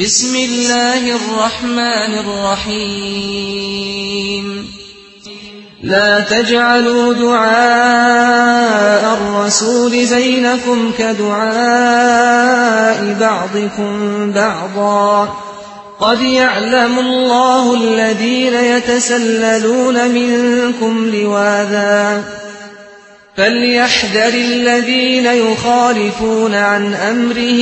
بسم الله الرحمن الرحيم لا تجعلوا دعاء الرسول بينكم كدعاء بعضكم بعضا قد يعلم الله الذين يتسللون منكم لواذا فليحذر الذين يخالفون عن أمره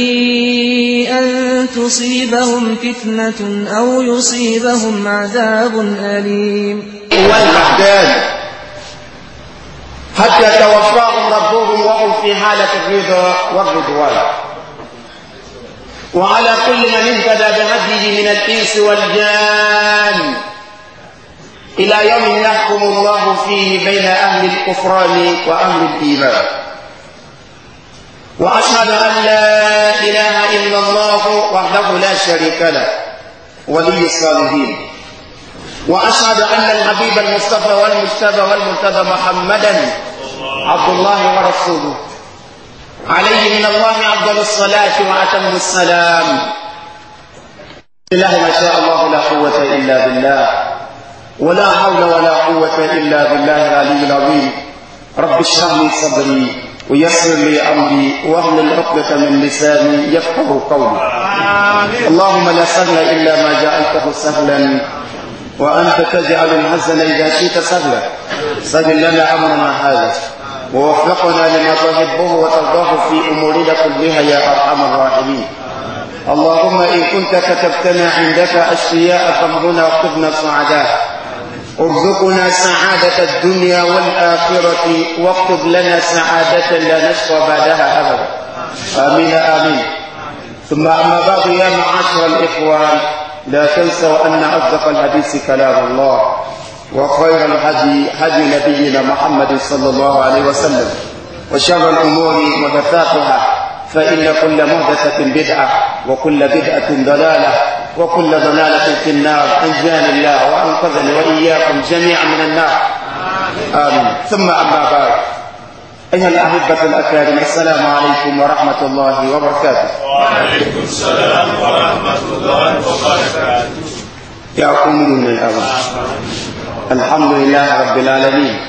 أن تصيبهم فتنة أو يصيبهم عذاب أليم والمحتاج حتى توفاهم ربهم وهم في حالة الرضا والرضوان وعلى كل من اهتدى بهديه من الإنس والجان إلى يوم يحكم الله فيه بين أهل الكفران وأهل الإيمان وأشهد أن لا إله إلا الله وحده لا شريك له ولي الصالحين وأشهد أن الحبيب المصطفى والمجتبى والمرتبى محمدا عبد الله ورسوله عليه من الله أفضل الصلاة وأتم السلام بسم الله ما شاء الله لا قوة إلا بالله ولا حول ولا قوة إلا بالله العلي العظيم رب اشرح لي صدري ويسر لي أمري وأهل عقدة من لساني يفقه قولي اللهم لا سهل إلا ما جعلته سهلا وأنت تجعل الحزن إذا شئت سهلا سهل لنا أمرنا هذا ووفقنا لما تحبه وترضاه في أمورنا كلها يا أرحم الراحمين اللهم إن كنت كتبتنا عندك أشقياء فامرنا واكتبنا سعداء ارزقنا سعادة الدنيا والآخرة واكتب لنا سعادة لا نشقى بعدها أبدا آمين آمين ثم أما بعد يا معاشر الإخوان لا تنسوا أن أصدق الحديث كلام الله وخير الهدي هدي نبينا محمد صلى الله عليه وسلم وشر الأمور محدثاتها فإن كل محدثة بدعة وكل بدعة ضلالة وكل ضلالة في النار أنجاني الله وأنقذني وإياكم جميعا من النار آمين ثم أما بعد أيها الأحبة الأكارم السلام عليكم ورحمة الله وبركاته وعليكم السلام ورحمة الله وبركاته يا قوم من الأول الحمد لله رب العالمين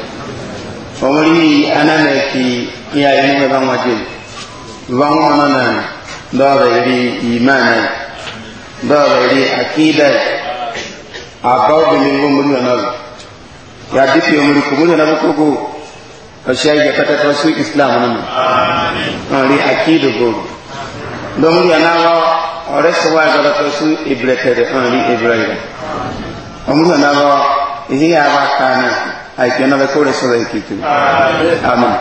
ومري أنا ميكي يا إمام وجل وهم أمامنا دار إيمانا dɔwɛrɛ de akiida yi a baw bɛ min ko mori nana la ya dipi o mori ko mori nana ko ko ka shayi kata ta su islam na mu ɔn de akiida ko dɔn mori nana wa ɔrɛ sɔgɔ ya kata ta su ibirɛ tɛrɛ ɔn de ibirɛ yi ɔn mori nana wa ihe ya ba kaana ayi kɛ na bɛ k'o de sɔrɔ yi k'i to amen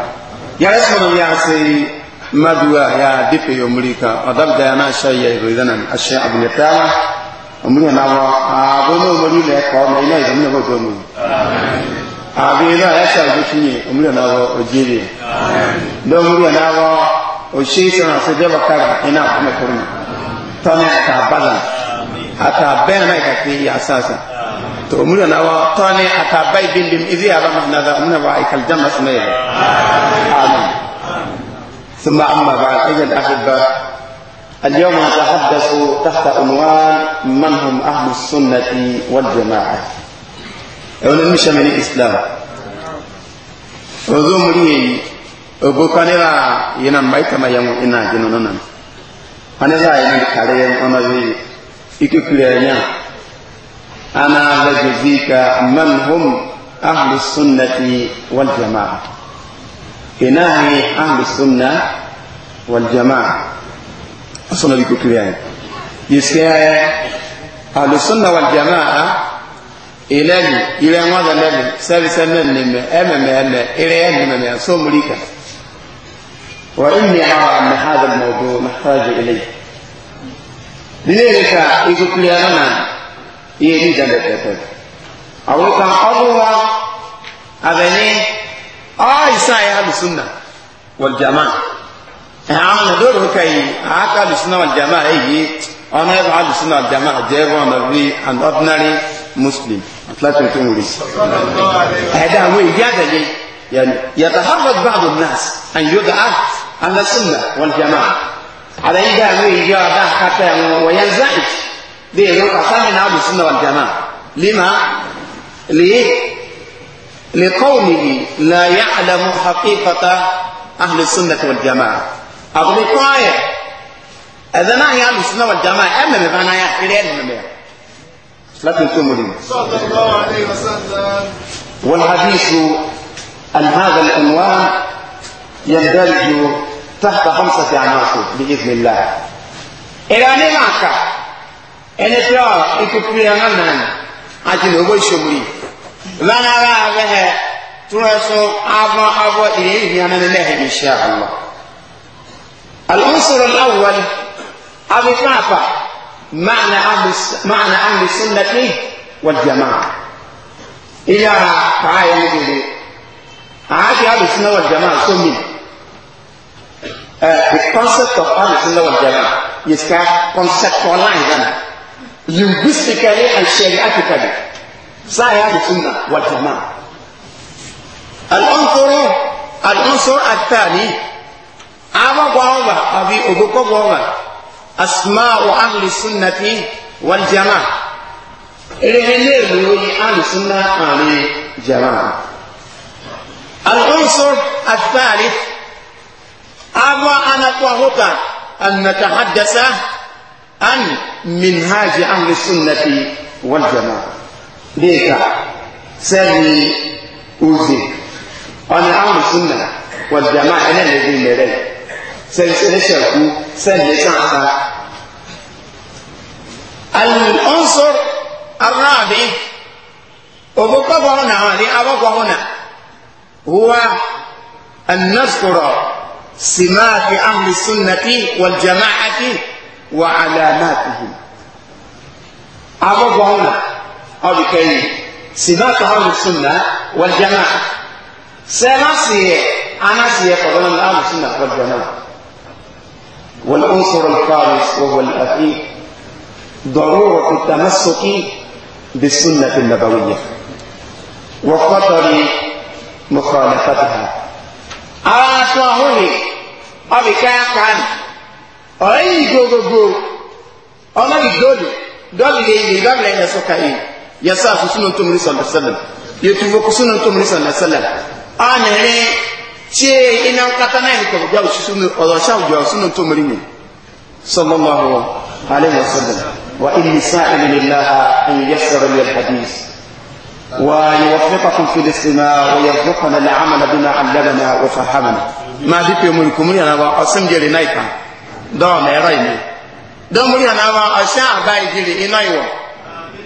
yɛrɛ sɔrɔ yi a se maduwa ya dife yo mulika adab da yana shayya idan ashe abu ne tama umuri na wa abono umuri le ko me ina idan ne ko do mu amen ya sha ju shinye umuri na wa ojiri amen do umuri na wa o shi sana se de bakara ina kuma kurmi tana ta bala ata ben na ka ti ya sasa to umuri na wa tani ata bai bin bin izi ya ba na da umuri wa ikal janna sumayya amen ثم أما بعد أيها الأحبة اليوم نتحدث تحت عنوان من هم أهل السنة والجماعة أولا مش من الإسلام وذوم لي أبو كانيرا ينام بيت ما يمو إنا جنوننا أنا لا ينام كاريم أنا إكي إكفلانيا أنا وجزيك من هم أهل السنة والجماعة ina ni ahlu sunna wal jamaa asona biko kiriyani yiske ahlu sunna wal jamaa ilali ile ngwaza lele sabi sana nime ememe ene ile ene meme asomulika wa inni ara anna hadha almawdu nahtaju ilayhi lileleka ikukiriyana nani iye ni jambe pepe awoka obuwa abeni aisha ya ahlu sunna wal jamaa àwọn ìdóòrò kẹyìn àáká ahlu sunna wal jamaa èyí ọ̀nà ẹ̀rọ ahlu sunna wal jamaa jẹ́ one of the an ordinary muslim láti tó wùrí ẹ̀dá àwọn èyí àtẹ̀yẹ yàtàhàbà báàbò nas and yoga ah ahlu sunna wal jamaa àlẹ́ yìí dá àwọn èyí ọ̀dà kàtà ẹ̀wọ̀n wọ̀nyẹn zaid dèrò kàtà ní ahlu sunna wal jamaa lima lèyìn لقومه لا يعلم حقيقة أهل السنة والجماعة أقول قاية ما هي أهل السنة والجماعة أما مبانا يا حلال مبانا لا تنتم لي الله عليه وسلم والحديث أن هذا العنوان يندرج تحت خمسة عناصر بإذن الله إيراني معك أنا ترى إكو أنا نمنا عجل هو يشمريه lana ra rehe tuweso abo abo ilehi ana lillahi insha Allah العنصر الأول أبو فافا معنى أهل معنى أهل السنة والجماعة إلى تعالى نجد عاش أهل السنة والجماعة سمي the concept of أهل السنة والجماعة is conceptualized linguistically and shariatically صحيح السنة والجماعة العنصر العنصر الثاني أما قوما أبي أبوك قوما أسماء أهل السنة والجماعة إلهنير أهل السنة أهل الجماعة العنصر الثالث أما أنا قوما أن نتحدث عن منهاج أهل السنة والجماعة deka sɛbi ozi ɔne ahlu sunna wal jamaa ɛna ne bi mɛrɛ sɛbi sɛbi sɛku sɛbi sansa al unsur arabi obo kɔbɔ hona wani abɔ kɔ hona huwa an naskura ahli sunnati wal wa alamatihim abɔ أو بكي سباق أهل السنة والجماعة سنصي أنا قبل أن أهل السنة والجماعة والعنصر الخامس وهو الأخير ضرورة التمسك بالسنة النبوية وخطر مخالفتها أنا سواهوني أبي كان أريد جوجو أنا بدولي دولي لي دولي لي سكاين ya sa su sunan to muri sallallahu alaihi wasallam ya tuvo ku sunan to muri sallallahu alaihi wasallam ana re ce ina kata na ko ga su sunan o sha ga sunan to muri ne sallallahu alaihi wasallam wa inni sa'il lillahi an yassara li alhadith ويوفقكم في الاستماع ويرزقنا العمل بما علمنا وفهمنا ما دي في ملكم انا واسم جري نايكا دوم يرايني دوم يرانا واشا باي جري انايو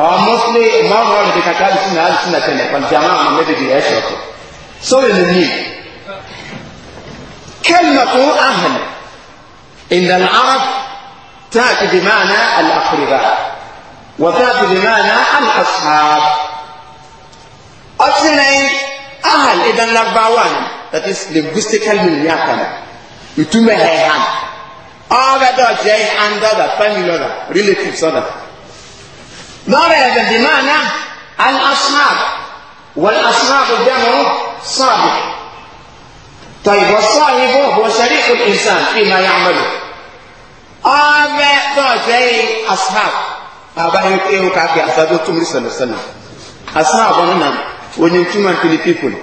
àwọn mọ́sílẹ̀ ìmáàmù ọ̀rọ̀ ìdíkà káàdì sínú àdì sínú àtẹ̀lẹ̀ pẹ̀lú jama àwọn méjèèjì ẹ̀ ṣọ̀tọ̀ sórí ni ní kẹ́lìmọ̀ tó ahàn ìdàn arab táàkì bí máa ná àlàkùrìbà wà táàkì bí máa ná àlàkùrìbà ọtí lẹ́yìn ahàn ìdàn lágbáwá ni that is linguistical meaning yà kàn ìtumẹ̀ ẹ̀ hàn ọ̀rẹ́dọ̀ jẹ́ àndọ̀dà family ọ̀dà relatives ọ̀dà. ضرب بمعنى الأصناف والأصناف الجمع صابع طيب والصاحب هو شريك الإنسان فيما يعمل أبا ضعفي طيب، أصحاب أبا يكيه كافي أصحابه تمري صلى الله عليه وسلم أصحاب أنا نعم. وين يمتما في people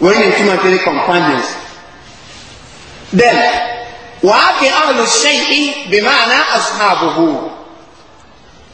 يمتما في companions then وعافي أهل الشيء بمعنى أصحابه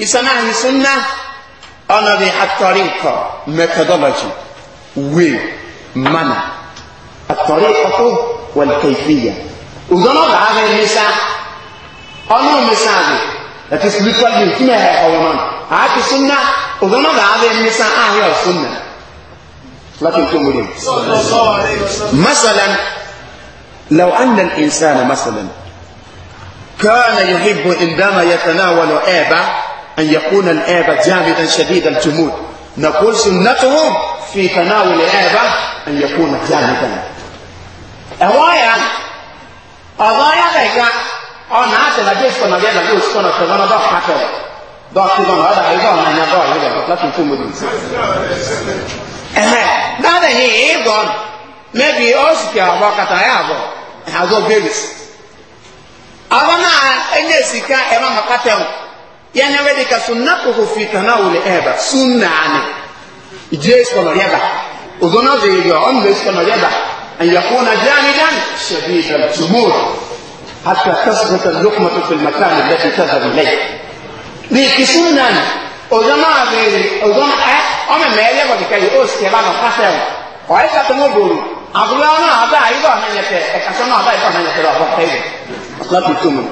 i isana hi sunna ona bi at-tariqa methodology way mana at-tariqa wal kayfiyya uzono da ha misa ono misa bi that is literally kina ha awaman ha ti sunna uzono da ha misa ah ya sunna lakin tumurin masalan لو أن الإنسان مثلا كان يحب عندما يتناول آبا أن يكون الآبة جامدا شديد الجمود نقول سنته في تناول الآبة أن يكون جامدا أوايا أوايا لك أنا آه، نعم، أتلا جيس كنا كما جيس كنا كما ضح حكو ضح كنا هذا أيضا أنا ضح هذا لكن كم مدين هذا نعم، هي أيضا maybe أوسكي أبوكتا يا أبو هذا بيبس أبنا نعم، أنجسيكا أمام قتل yani wede ka sunnatuhu fi tanawul eba sunnani ije iskono yada uzono zeyo on le iskono yada an yakuna janidan shadidan jumur hatta tasbut al-luqmatu fi al-makan alladhi tadhhabu ilayh ni kisunnan uzono zeyo uzono a ome mele ko dikai o skeba no kasel ko ai ka tomo buru abulana ada aiba hanyete e kasono ada aiba hanyete ro ko Not the two mu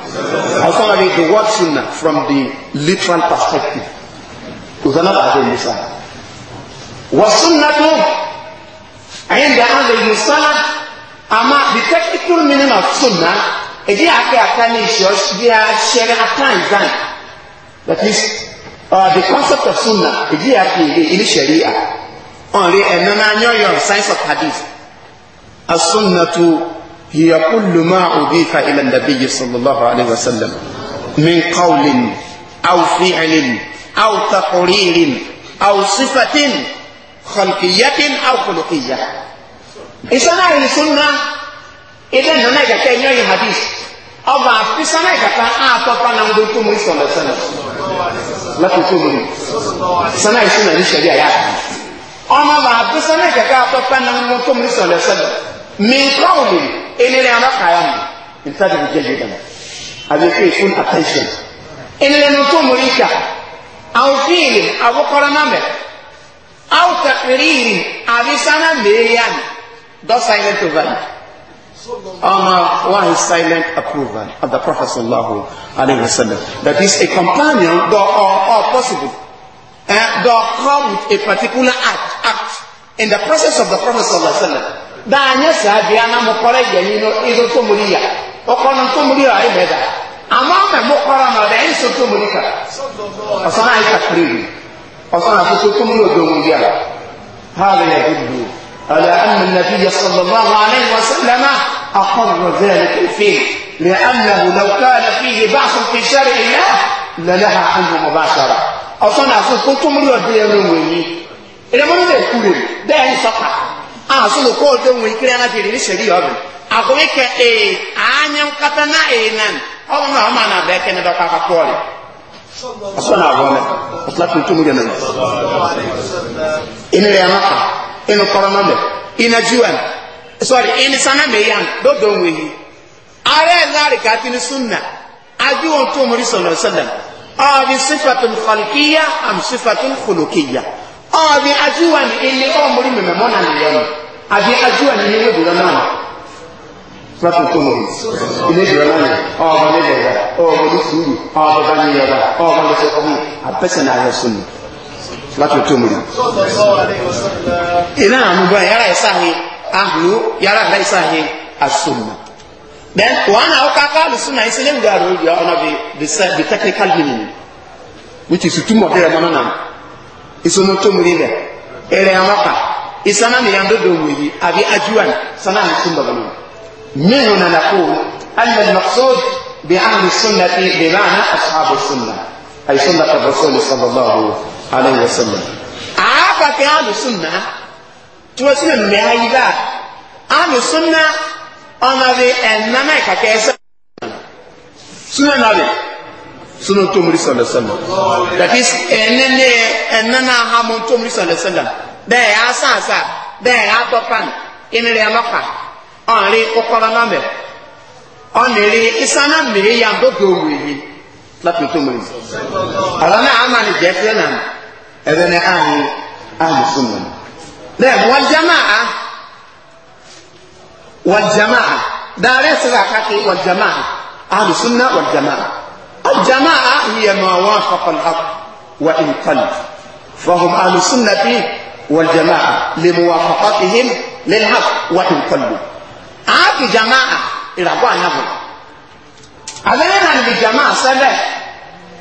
àwọn sọ́nà bíi the word "sunnah" from the literal perspective òtánà bàjẹ́ musa wọ́n sunna tó ẹ̀yìn dà án lè yí sálá àmà the technical meaning of sunnah? sunna èdè àkẹ́ àkàní ìṣọ́ bí a ṣẹlẹ̀ àtàǹzán that is uh, the concept of sunnah, sunna èdè àkẹ́ The ilé ṣẹ̀ríà only a non yọ̀ọ̀yọ̀ science of hadith as sunnah to. هي كل ما أضيف إلى النبي صلى الله عليه وسلم من قول أو فعل أو تقرير أو صفة خلقية أو خلقية إنسان أهل السنة إذا هناك كأي حديث أو في سنة كتا أعطفا نمدوكم صلى الله عليه وسلم لا تقولوا سنة السنة يا يعني أما في سنة كتا أعطفا نمدوكم صلى الله عليه وسلم من قول enere amakaaya mu nsa de bi gyegye dama abɛfɛ full attention enere no nso mori nka awofeere abokɔrɔ namɛ aw takiriri abisana meeyan dɔ silent over honor one silent approval of the prophet sallallahu alaihi wasallam that is a companion though or, or possible and eh, though come with a particular act act in the presence of the prophet sallallahu alaihi wasallam daanya saa bia na mo kɔrɔ yɛyi no nso to mo ni ya ɔkɔ no to mo ni ayi bɛ da ama mɛ mo kɔrɔ no ɔdɛ nso to mo ni ka ɔsan ayi kakiri bi ɔsan akoto to mo ni bi ala haali yɛ dudu ala anna nabi ya sallallahu alayhi wa sallam akɔrɔ zɛlɛ fi لأنه لو كان فيه بحث في شرع الله لنهى عنه مباشرة أصنع سوف كنتم رضي الله عنه إذا ما نقول ده سقط asụlụ koodo nwe ikiri anabiri ni seri ọbụ agụmị ka ee anya nkata na ee nan ọbụ na ọma na abịa kene dọka aka kọọlị asọ na abụọ mẹ ọtụla tuntum ya nani ịnụ ya maka ịnụ kọrọ na mẹ jiwa sọrị ịnụ sana mẹ ya dodo nwe yi ara ẹlari ka atini sunna ajiwọn tó mori sọlọ sọlọ ọ bi sifatun falkiya am sifatun kolokiya. ọ̀bí ajúwà ní ilé ọmọrí mẹ̀mẹ̀ mọ́nà nìyọnu àbí ajúwà ní ilé ìdúró náà ihe tó mọ̀ ilé ìdúró náà ọmọ ní ìdẹ̀dà ọmọ ní sùúrù ọmọ bá ní yọba ọmọ ní sọ ọmọ àbẹ́sẹ̀ náà yọ sóni then the technical meaning which is na. isomo to muri bɛ ɛrɛ an waka isana ni yando do wuyi a bi ajuwan sana ni sun babalu minnu nana ko alal maqsud bi ahli sunnati bi ma'ana ashabu sunna ay sunnat ar-rasul sallallahu alaihi wasallam aka ke ahli sunna to sun me ayi ba ahli sunna ona bi enama ka ke sa sunna na bi sunna to muri sallallahu alaihi wasallam that is enene ẹ̀nà náà ha mọ́ tó mi sọ̀lẹ̀ sọ̀lẹ̀ bẹ́ẹ̀ yà á sàn sàn bẹ́ẹ̀ yà á tọ́ pan ẹni rẹ̀ lọ́fà ọ̀nrí kọ́kọ́rọ́ náà mẹ́ ọ̀nìrí isan náà mìíràn yà dókè òwò yìí láti tó mi. ọ̀rọ̀ náà ama ni jẹ́ fẹ́ náà ẹ̀rẹ́ ní àárín àárín fún mi. bẹ́ẹ̀ wọ́n jamaa wọ́n jamaa dàrẹ́ sọ̀rọ̀ àkàkì wọ́n jamaa àárín fún náà wọ́n jamaa. الجماعة هي ما وافق الحق فهم أهل السنة والجماعة لموافقتهم للحق وإن قلوا عاد جماعة إلى أبوان يبون أبنان الجماعة سبب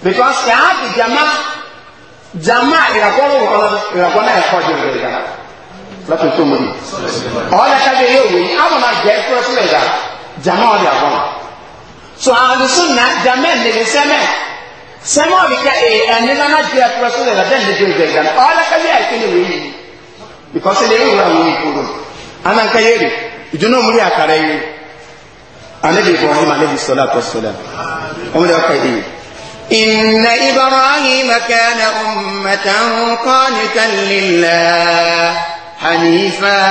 because عاد جماعة جماعة إلى أبوان إلى أبوان يخرج من الجماعة لكن ثم دي أولا كده يوي أبوان جاي فرس لذا جماعة إلى أبوان so أهل السنة جماعة للسنة sẹ́mọ́ ọ̀bìkà ẹ̀ẹ́ni nana ju ẹ̀kúrẹ́ sílẹ̀ rẹ̀ bẹ́ẹ̀ lẹ́jọ́ ìgbẹ́ ìgbà náà ọ̀ọ́lẹ́kẹ́ bí àìkéde wòye yìí because ilé ìwúrọ̀ àwọn ìkúrò anáńkà yé rè ìdúná òmùrí àkàrà yìí anabi ibrahim anabi sọlá tó sọlá ọmọdé ọkọ yìí. إن إبراهيم كان أمة قانتا لله حنيفا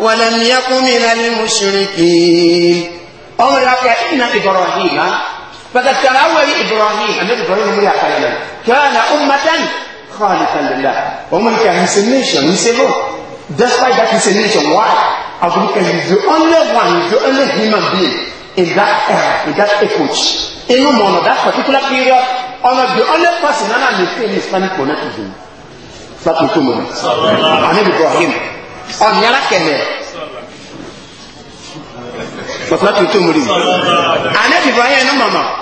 ولم يك من المشركين أمرك إن إبراهيم فذكر أول إبراهيم النبي إبراهيم من يعقلنا كان أمة خالقا لله ومن كان his nation he said look despite that his nation why Africa is the only one is the only human being in that era in that epoch in Umar that particular period one the only person and I'm in Islamic monotheism that we two moments and then Ibrahim on Yara but not we two moments and then Ibrahim and Umar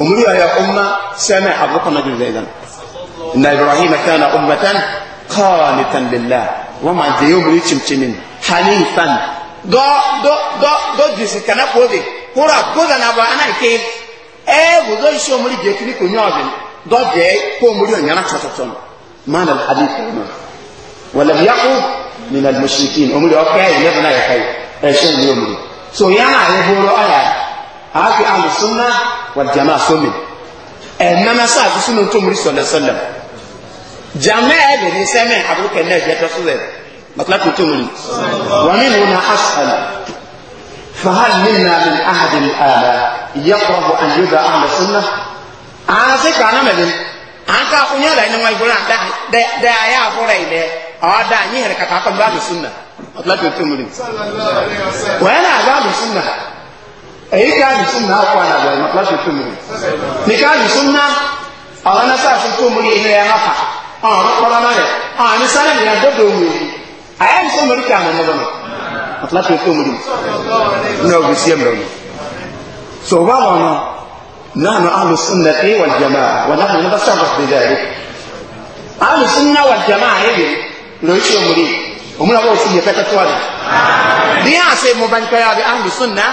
أمري يا أمة سامع أبوكم نجل زيدا إن إبراهيم كان أمة قانتا لله وما ديوم ريتشم تنين حنيفا دو دو دو دو جيسي كان أقوذي كورا كوزا نبا أنا كيف إيه وزو يشو أمري جيكني كنيوزن دو جي كو أمري أن ينك شخصون معنى الحديث كلمة ولم يقو من المشركين أمري أوكي نبنا يا خير أشياء أمري سو يانا يبورو أيها àáfi alùsùnà wàjàmà sómi ẹ̀nàmà sáàtì sínú tó múrí sọ̀lẹ̀sọ̀lẹ̀ jàmẹ́ ẹ̀bẹ̀ ní sẹ́mẹ̀ àbúkẹ́ náà jẹ́ tọ́sí rẹ̀ mọ̀tàkùn tó múrí wọ́n ní wọn aṣọ́lá fàhálì nínú àmì àhàdì àlà ìyẹ́kọ̀ ọ̀bọ̀ àyọ̀dọ̀ alùsùnà àti kànámẹ̀lẹ̀ àǹkà ònyàlá ẹni wọn ìgbóná dẹ ayé àfúrẹ́ ilẹ̀ ọ̀dà àyìn rẹ̀ kàkà kọ́ bá alùsùnà mọ̀tàkùn tó múrí wọ́n yẹn náà bá alùsùnà ẹ̀yí ká àdìsún náà kọ́ àdàbọ̀ ẹ̀mọ̀ láti tó mú ní ká àdìsún náà àwọn ẹ̀sà àti tó mú ilé ẹ̀ hàfà ọ̀n ọ̀rọ̀ kọ́lá náà rẹ̀ ọ̀n àní sáré ní àdọ́dọ̀ òwe àyà ń sọ́mọ́ rí ká àmọ́ ọmọ mi láti tó mú ní ọ̀gbìn sí ẹ̀mọ̀ mi. so wá wọn nọ náà nọ alùsùn náà ẹ̀ wà jẹ̀mà wọn náà ní bá sábà fi dà ẹ̀ alùsùn náà wà jẹ̀mà ẹ̀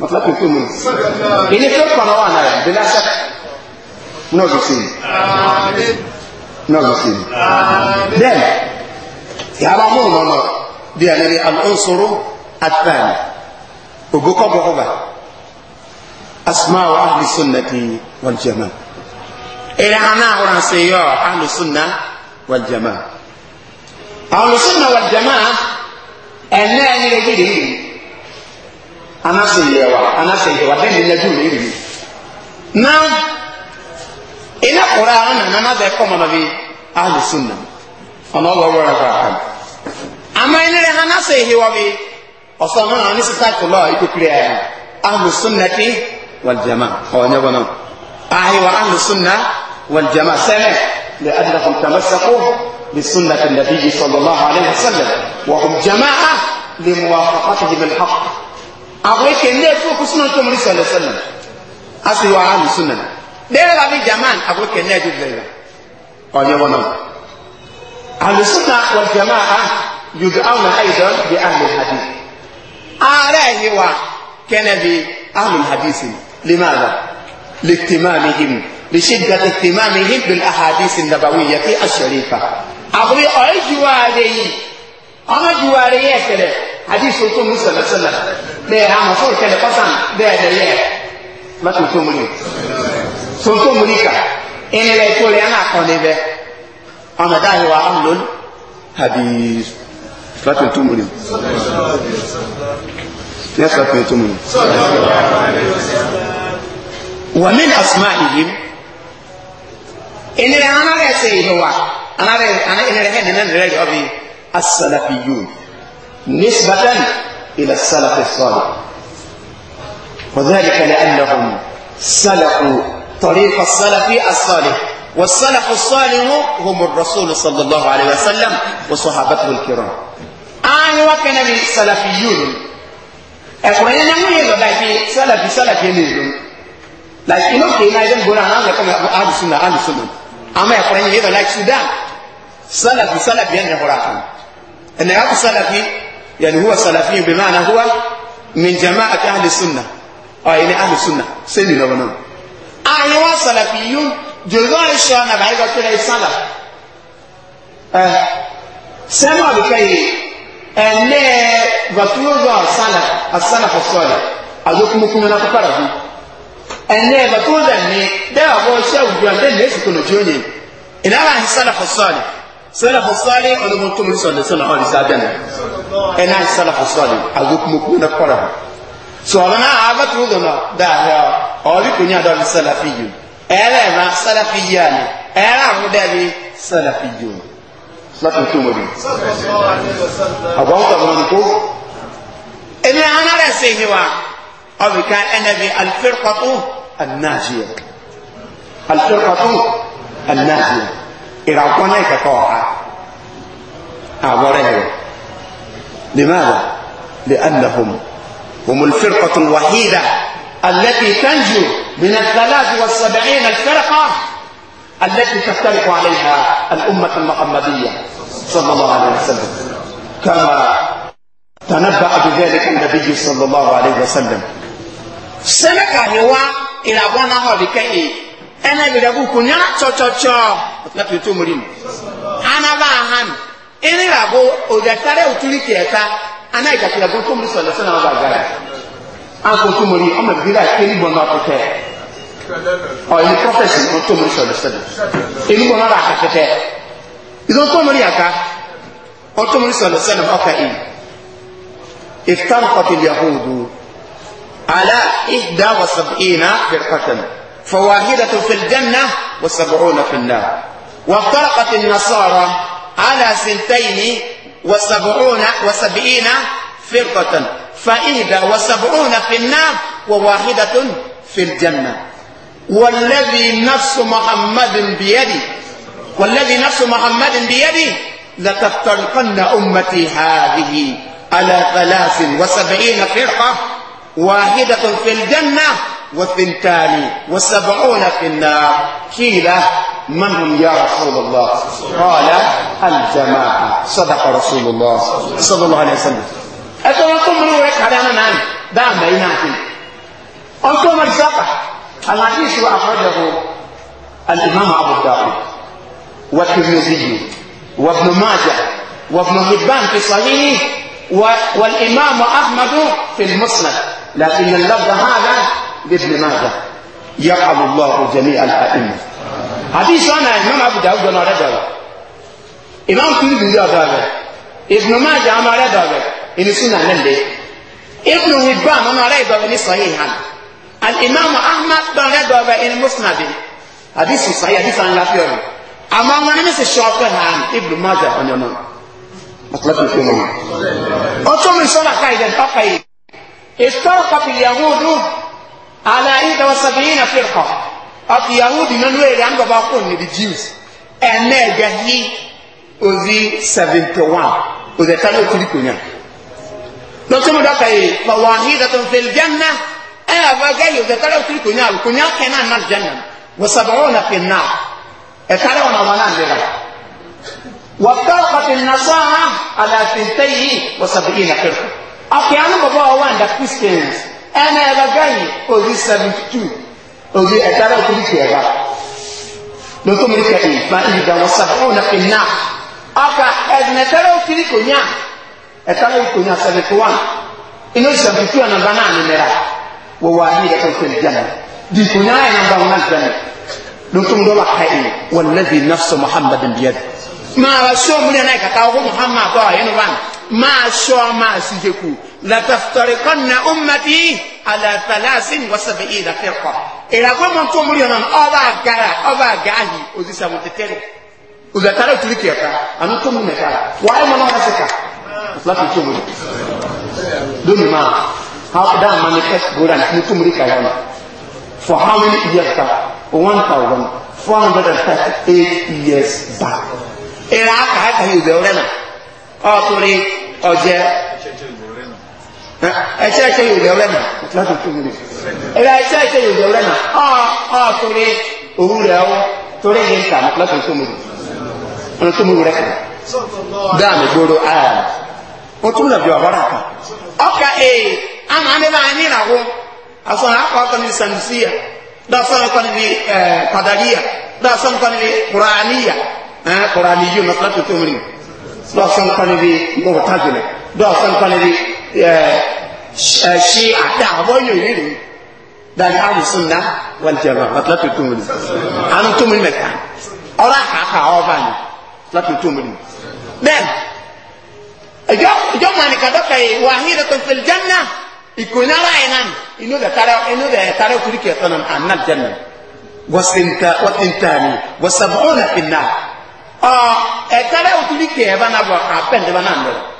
مطلب كنتم إلي فرق روانا بلا شك نوزو سين نوزو سين دين يا رامون ماما دي أنا العنصر الثاني وبكو بغبا أسماء أهل السنة والجماعة إلى أنا أنا سيار أهل السنة والجماعة أهل السنة والجماعة أنا أنا anase yewa anase yewa den ni nadu le ri na ina qur'an na na be ko mana bi ahli sunna ana wa wa ka ha ama ina re anase yewa bi oso na ani sita ko la iko kire ya ahli sunnati wal jamaa o nya bana ahi wa ahli sunna wal jamaa sama li ajlakum tamassaku bi sunnati an-nabi sallallahu alaihi wasallam wa hum jamaa لموافقته بالحق أقول شيء إنه فو كسنة صلى الله عليه وسلم أسوى عن السنة ده ربي جمان أقول شيء إنه جد ذلك أني وانا عن السنة والجماعة يدعون أيضا بأهل الحديث عليه هو كان الحديث لماذا؟ لاهتمامهم لشدة اهتمامهم بالأحاديث النبوية الشريفة أقول أي جواري أنا جواري يا hadisi tó mu sẹlẹ sẹlẹ bẹẹ àmọ fún ìkẹlẹ pátán bẹẹ lẹyẹ láti tó mu ni tó tó mu ni kà ẹni lẹ tó lẹ ẹnà kọ níbẹ ọmọ dáhìí wa amúlò hadisi láti tó mu ni yẹn sọ pé tó mu ni. wà mí dà sùnmà ìyí ẹni lẹ anarẹ ẹsẹ ìhìwà anarẹ ẹni lẹ hẹ nínú ẹni lẹ yọ bí asalafi نسبة إلى السلف الصالح وذلك لأنهم سلكوا طريق السلف الصالح والسلف الصالح هم الرسول صلى الله عليه وسلم وصحابته الكرام أنا وكان من سلفيون أقولنا نحن لكن سلفي سلفي نيلون لكن أوكي نايدن بنا أنا كم أهل السنة أهل السنة أما أقولنا هذا لكن سودان سلفي سلفي أنا هراكم أنا أقول سلفي يعني هو سلفي بمعنى هو من جماعة أهل السنة أو آه، يعني أهل السنة سيدنا ونم أهل سلفيون جزء الشيطان بعيدة كلا السلف أه سمع بكي أن أنا السلف السلف الصالح أجوكم مكم من أنا أن أنا أن ده أبو الشيء وجوان ده ليس جوني إن أنا السلف الصالح salafu sali ɔlɔbɔn tó mu sɔli sɔli ɔlɔdi sábɛn ɛnna yi salafu sali agokumoku na kɔra sɔɔlɔ na ava tó dɔnɔ dahia ɔbi kò nyɛ dɔbi salafi yi ɛlɛ ma salafi yi ani ɛlɛ ahu dɛbi salafi yi o salafi tó mu bi agbɔn kagbɔn ko ɛnna ana yɛ sehi wa ɔbi ka ɛnna bi alifirikɔtu anaaziya alifirikɔtu إلى ìkẹ́kọ̀ طاعة àbọ̀rẹ́ لماذا؟ لأنهم هم الفرقة الوحيدة التي تنجو من الثلاث والسبعين الفرقة التي تفترق عليها الأمة المحمدية صلى الله عليه وسلم كما تنبأ بذلك النبي صلى الله عليه وسلم سنك هو إلى بنا لكي ɛna deda ku kunya tsɔtsɔtsɔ na tuntun mu rimu anaba ahanu ɛni rabo odatare otuli kɛta ana ijakira ko tómi sɔlɔ sɛ n'aba gara anko tómi e ri ɔmɛ bira kiri bɔ n'ɔtutɛ ɔyini prɔfɛsi ko tómi sɔlɔ sɛ do eri bɔ n'ɔra akutɛ izo e tómi ri aka ɔtómi sɔlɔ sɛ n'aba ɔka eyi iftar kɔtili yahudu ala ihda فواحدة في الجنة وسبعون في النار وافترقت النصارى على سنتين وسبعون وسبعين فرقة فإذا وسبعون في النار وواحدة في الجنة والذي نفس محمد بيده والذي نفس محمد بيده لتفترقن أمتي هذه على ثلاث وسبعين فرقة واحدة في الجنة وثنتان وسبعون في النار قيل من هم يا رسول الله قال الجماعة صدق رسول الله صلى الله عليه وسلم أنتم من ورك على أنا نعم دام بيناتنا أنتم الزبع الحديث وأخرجه الإمام أبو داود والترمذي وابن ماجه وابن حبان في صحيحه والإمام أحمد في المسند لكن اللفظ هذا بابن ماجه يرحم الله جميع الأئمة حديث أنا إمام أبو داود أنا رجل إمام ترمذي رجل ابن ماجه أنا رجل إن سنة نلي ابن هبان أنا رجل إن صحيحا الإمام أحمد بن رجل إن مسند حديث صحيح حديث عن لافيون أما أنا نمس الشوكة عن ابن ماجه أنا نعم مطلب الأمم أتوم إن شاء الله خيرا أقيد استرقت اليهود على 71 فرقة أف يهود ننوي عن باباكم من الجيوز أنا جهي أذي 71 أذي كانوا كلكم lọ́túnmù dọ́kà yìí fọwọ́ ahídàtún fìlìjánná ẹ àbọ̀gẹ́ yìí ọ̀tẹ̀tẹ̀rẹ̀ òkúri kò ní àlù kò ní àkẹ́ náà náà jẹ́nà wọ́sàbọ̀wọ́ na fi nà ẹ̀kárẹ́ wọn àwọn náà nira wọ́tọ́ pàtì nasọ́ha àlàfíìtẹ́ yìí wọ́sàbọ̀ yìí na fi rẹ̀ ọ̀kẹ́ àwọn bàbá wa wà ní the christians ɛna ɛba ganyi ozi seventy two ozi ɛtara okuli tu ɛba lóko mi kɛ ìgbà ìgbà wọn sa ɔwọ na fi na ɔka ɛdini ɛtara okuli konya ɛtara okonya seventy one ino seventy two ɛnaba naa ni mɛra wɔwɔ adi yɛ kɛ okuli gana di konya yɛ naba wọn na gana lóko mi dɔba ka yi wɔn nabi nafsu muhammadu biyɛ maa sɔ mu ni yɛn na yi ka taa ɔ لتفترقن أمتي على ثلاث وسبعين فرقة إلى كل من تقول أن أبا جرا أبا جاهي أزي سامتكرو أزي ترى تريكي أتا أنا تقول من كلا وأي من هذا سكا لا تقول دون ما هذا manifest Quran mutumri kayana for how many years back 1438 years back إلى أكا هكا يبيورنا أطري أجل ẹsẹ ẹsẹ yòòdì ọrẹ nà láti tó mi lè ẹrẹ ẹsẹ ẹsẹ yòòdì ọrẹ nà ọ ọ torí òwú rẹ ọwọ torí yìí nkà láti tó mi lè ọ̀nà tó mi rẹ kà dáàmì gbòòrò ayà wọn tún lọ bí ọ̀bọ̀rọ̀ àkà ọkà ee àmà nílà ẹni ìràwọ àfọwọn akọ ọkọ ní sanusiya dọ́sọ̀rọ̀ ọkọ níbi ẹ padàríyà dọ́sọ̀rọ̀ ọkọ níbi kùràníyà ẹ kùràníyà láti tó mi lè dọ́sọ̀rọ̀ ọkọ níbi gbọ̀wọ̀tàjùlẹ̀ dọ́sọ̀rọ̀ ọkọ níbi ṣe àdá àbọ́yọ̀ ìrìnrìn dáadáa àrùsùn náà wọ́n ti ọ̀rọ̀ àbáta láti tó mìíràn àánú tó mìíràn mẹ́ta ọ̀rọ̀ àkàkà ọba ni láti tó mìíràn. then ìjọ ìjọ mọ̀ nìkan dọ́kà yìí wà á hílẹ̀ tó ń fẹ́lẹ̀ jẹ́nà ìkòyìn ara yẹn náà inú bẹ̀ tara inú bẹ̀ tara okùnrin kẹtọ náà àná jẹ́nà wọ́n ti ń ta ni wọ́n sábà ó nà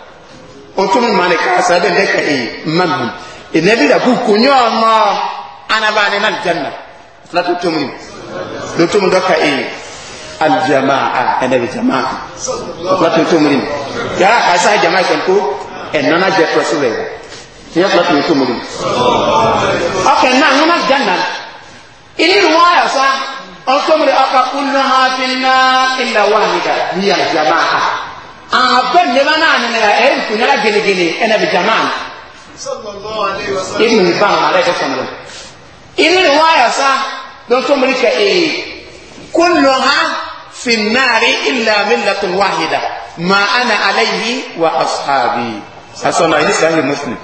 otumu mane kasa de deka e eh, mamu inabi eh, da ku kunyo ma anaba ne nan janna la tutumu tutumu doka e al jamaa inabi jamaa la tutumu ya asa jamaa kan ko enana je prosure ya la tutumu akan nan nan janna ini ruwaya sa أصبر أقا كلها في النار إلا واحدة هي الجماعة àfẹ́ nìbá náà nìyẹn ẹ̀ ń kùnyà gẹlẹgẹlẹ ẹ̀nà bí jaman ibi nìbá náà alẹ́ kọ́ sọ̀rọ̀ inú ni wọ́n ayọ̀ sá lọ́tọ́ mi kà ee kúlù ha fi nàárí ilà mílíọ̀tún wáhìdà mà ánà alẹ́ yìí wà asàbí. asọ́nà yìí sàyẹ̀ mùsùlùm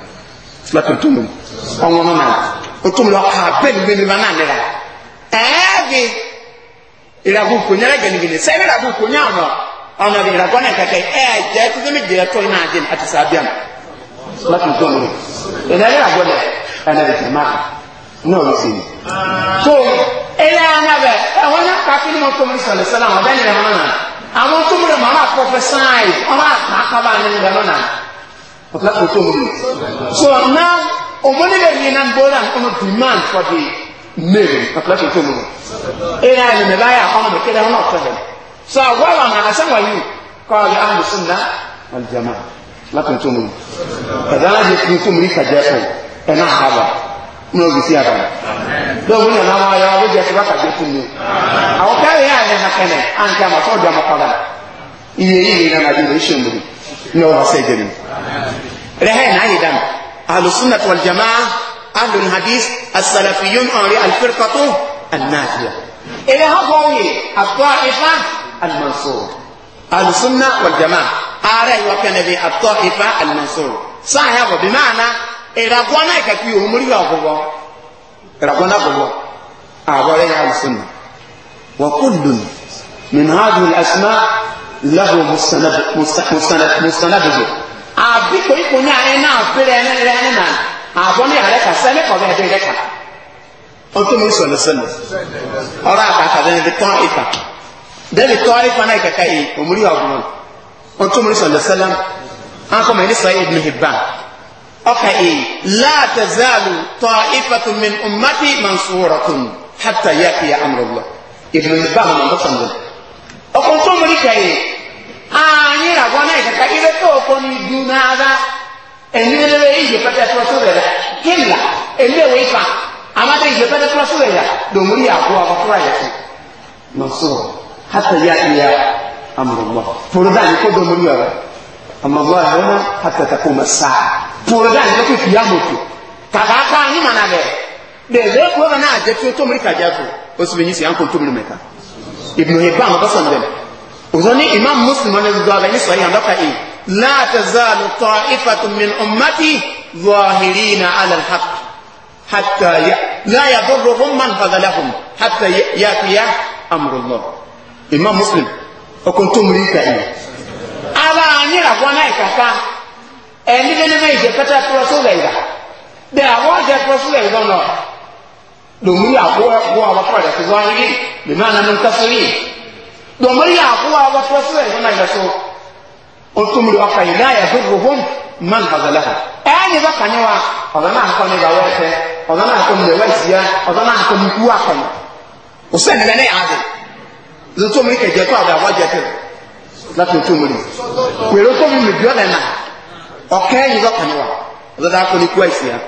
látọ̀ tó mu ọ̀wọ́n náà o tó mu lọ àfẹ́ nìbá náà nìyẹn ẹ̀ẹ́dì ìràgùn kùnyà gẹlẹgẹlẹ sẹ́yìn ìràgùn kùnyà ọ̀nà bí ìràgbọ́n náà kẹ̀kẹ́ ẹ̀ jẹ́ tí mi jẹ́ tó iná àjẹ́ àti sábíà mi láti tó mi ìdá ìràgbọ́n náà ẹ̀nà ìjẹ́ máa náà ló sì ní. so ẹ̀yà ara bẹ̀ ẹ̀wọ́n náà kàkí ni mo tó mi sọ̀rọ̀ sọ́dọ̀ àwọn bẹ́ẹ̀ ni ẹ̀wọ́n náà àwọn tó mi rẹ̀ mọ́ àwọn professional ọmọ àkàkàbà ni ẹ̀wọ́n náà ọ̀tọ́ kò tó mi. so now òmùnilẹ̀ yìí náà ń bọ́ náà ọ̀nà demand for the male ọ̀tọ́ kò tó mi. ẹ̀yà ẹ̀mẹ̀ báyà ọmọ mi سأظهر معنا سوى قال أهل السنة والجماعة لكن تومي كذلك يكون لك جاكو أنا هذا من أجل هذا لو من أنا ما يا أبو جاكو بقى جاكوني أو كان يعني هكذا أنت ما صور جمع قدر إيه إيه أنا جل إيشمري لو هسيجني رهين أيضا أهل السنة والجماعة أهل الحديث السلفيون أهل الفرقة الناجية إلى هذا الطائفة المنصور أهل السنة والجماعة أرى وكان في الطائفة المنصور صحيح بمعنى إذا قلنا كفي أمري وقبا إذا قلنا قبا أعبالي أهل السنة وكل من هذه الأسماء له مستند مستند مستند àbí koríko ní àárín náà fẹ́rẹ̀ ẹni rẹ̀ ẹni náà àbọ̀ ní ààrẹ kàṣẹ́ ẹlẹ́kọ̀ọ́ bẹ́ẹ̀ bẹ́ẹ̀ rẹ̀ kà dẹ́bi tọ́wárí fún anáyí kẹta yìí òmùrí ọ̀gbọ̀n wọn tó múrí sọ̀lẹ̀ sẹ́lẹ̀m án kọ́ mẹ́rin sọ̀rọ̀ ibùn hibban ọkà yìí látẹ̀záàlù tọ́ ifatumin umati mansuwarakun hata ya iya amurulọ ibùn hibban ọmọ tó sọ̀rọ̀ ọkùn tó múrí kẹ yìí ààyè ràgbọ́n anáyí kẹta ilé tó kọ́ ní dùn náà rà ẹ̀yìn lẹ́lẹ́rẹ́ ìyè pẹ́tẹ́ tó rẹ̀ حتى يأتي أمر الله فردان يقول مريم أما الله هنا حتى تقوم الساعة فردان يقول في يامك كذاك أنا من أبي لذلك وغنى أنا في يوم مريكا جاتو وسبيني سيان كنت من مكان ابن هبان وقصن عندنا وزني إمام مسلم أنا زوالني صحيح عندك إيه لا تزال طائفة من أمتي ظاهرين على الحق حتى ي... لا يضرهم من فضلهم حتى ي... يأتي أمر الله imam muslim okuntumuri kai ala anyira wana ikaka ẹni bẹni bẹ ìjẹ kẹta kúrọsù rẹ yìí bẹ àwọn ọjà kúrọsù rẹ yìí lọnà lòmúrí àkúwà àwọn akọrẹ tó wá rí lèmi àná nǹkan sórí lòmúrí àkúwà àwọn kúrọsù rẹ yìí lọnà yìí lọsọ okuntumuri ọkà yìí náà yà gbogbo hom man hazala ha ẹni bá kàn yín wa ọ̀dọ́ náà kọ́ ni ìgbàwọ́ ẹ̀fẹ́ ọ̀dọ́ náà kọ́ ni ìgbàwọ́ ìsìyá ọ̀dọ́ náà kọ́ ni ikú àkọ́nà òsèǹdẹ̀ẹ́ zan tó mi kẹjẹ tó àdá wájẹ tẹ láti tó mi rí pèrè tó mi mìbí ọ̀nà nà ọ̀kẹ́ yìí lọ́kàn wa ọ̀dọ́dá kọ́ ní kú ẹ̀sìn ya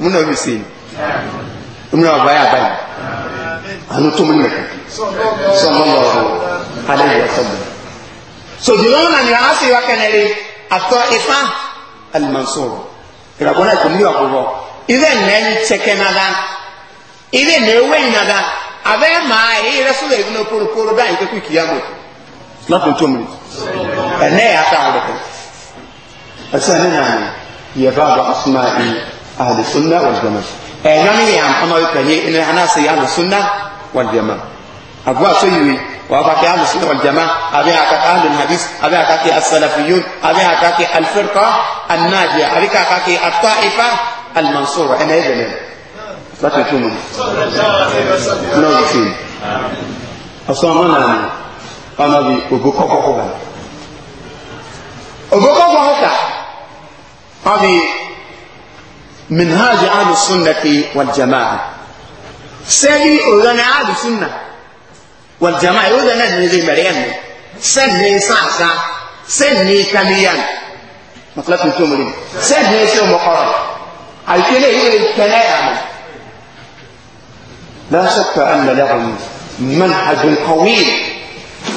mú náà mi sèé mú náà báyà báyà àánú tó mi mẹ̀kẹ́ sọ̀nà lọ́wọ́ adéyẹ sọ̀nà. sòdìlọ́nù náà ni wàá sì wá kẹ́nẹ́rì àtọ́ ifá alimansoro ìràgbọ́n náà kò ní ìwà kúrò ilé ìnẹ́ni tẹ́kẹ́ náà ilé ìnẹ́wé náà dá. abe maa yi rẹ sọlọ ebi na okoro koro dan ikekwe ikiya mo na kuntu mu ɛnɛ yɛ ata awo dɔkɔ ɛsɛ ne nan yɛ ba ba asoma yi ahadu sunna wɔ jama ɛnyɛ ne yɛ ama yɛ kanyɛ ɛnɛ anase yɛ ahadu sunna wɔ jama agboa so yiwe وافاك اهل السنه والجماعه ابي اكاك اهل الحديث ابي اكاك السلفيون ابي اكاك الفرقه الناجيه ابي اكاك الطائفه المنصوره انا يجنن láti tó mọ̀ náà yìí fi ọ̀sán ọmọ náà ni ọmọ bí ògbó kọ́kọ́kọ́ wà ògbó kọ́kọ́ ọ̀tà ọbí minhaj alùsùnnàtì wàljàmáà sẹ́yìn òrànà alùsùnnà wàljàmáà yóò dáná ní ilé mẹ́rẹ́ ni sẹ́yìn sáàsá sẹ́yìn kàmíyàn mọ̀tàlá tó mọ̀ lé sẹ́yìn sẹ́yìn mọ̀kọ́rọ̀ àìkélé yìí tẹ́lẹ̀ àmọ́ لا شك أن لهم منهج قوي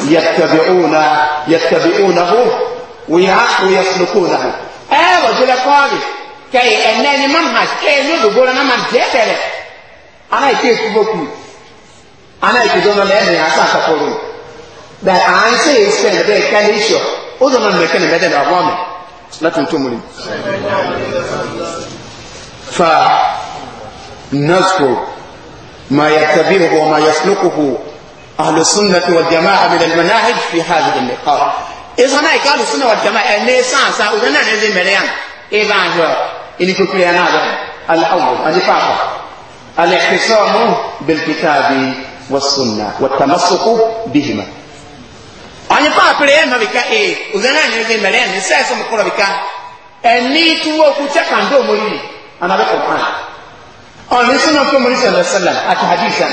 يتبعون يتبعونه ويسلكونه أيوة جل قالي كي أنني منهج كي نلو بولنا من جبل أنا يكيس بوكو أنا يكيس أنا لأني أسان تقولون ده أنسي إسكين ده كان إيشو أظن أن مكان مدن أعوامي لا تنتمني فنذكر ما يتبعه وما يسلكه أهل السنة والجماعة من المناهج في هذه النقاط إذا أنا أهل السنة والجماعة النساء سأقول أنا نزل مريان إذا أنجو إيه إني تكلي أنا هذا الأول الفاقة الاعتصام بالكتاب والسنة والتمسك بهما أنا فاقة ما بك إيه إذا أنا نزل مريان نساء سمكونا بك أني توقف تكن دومري أنا بقرآن ọ̀nà sínú tó mọ̀ nísà lọ́sẹ̀lẹ̀ àti hadisa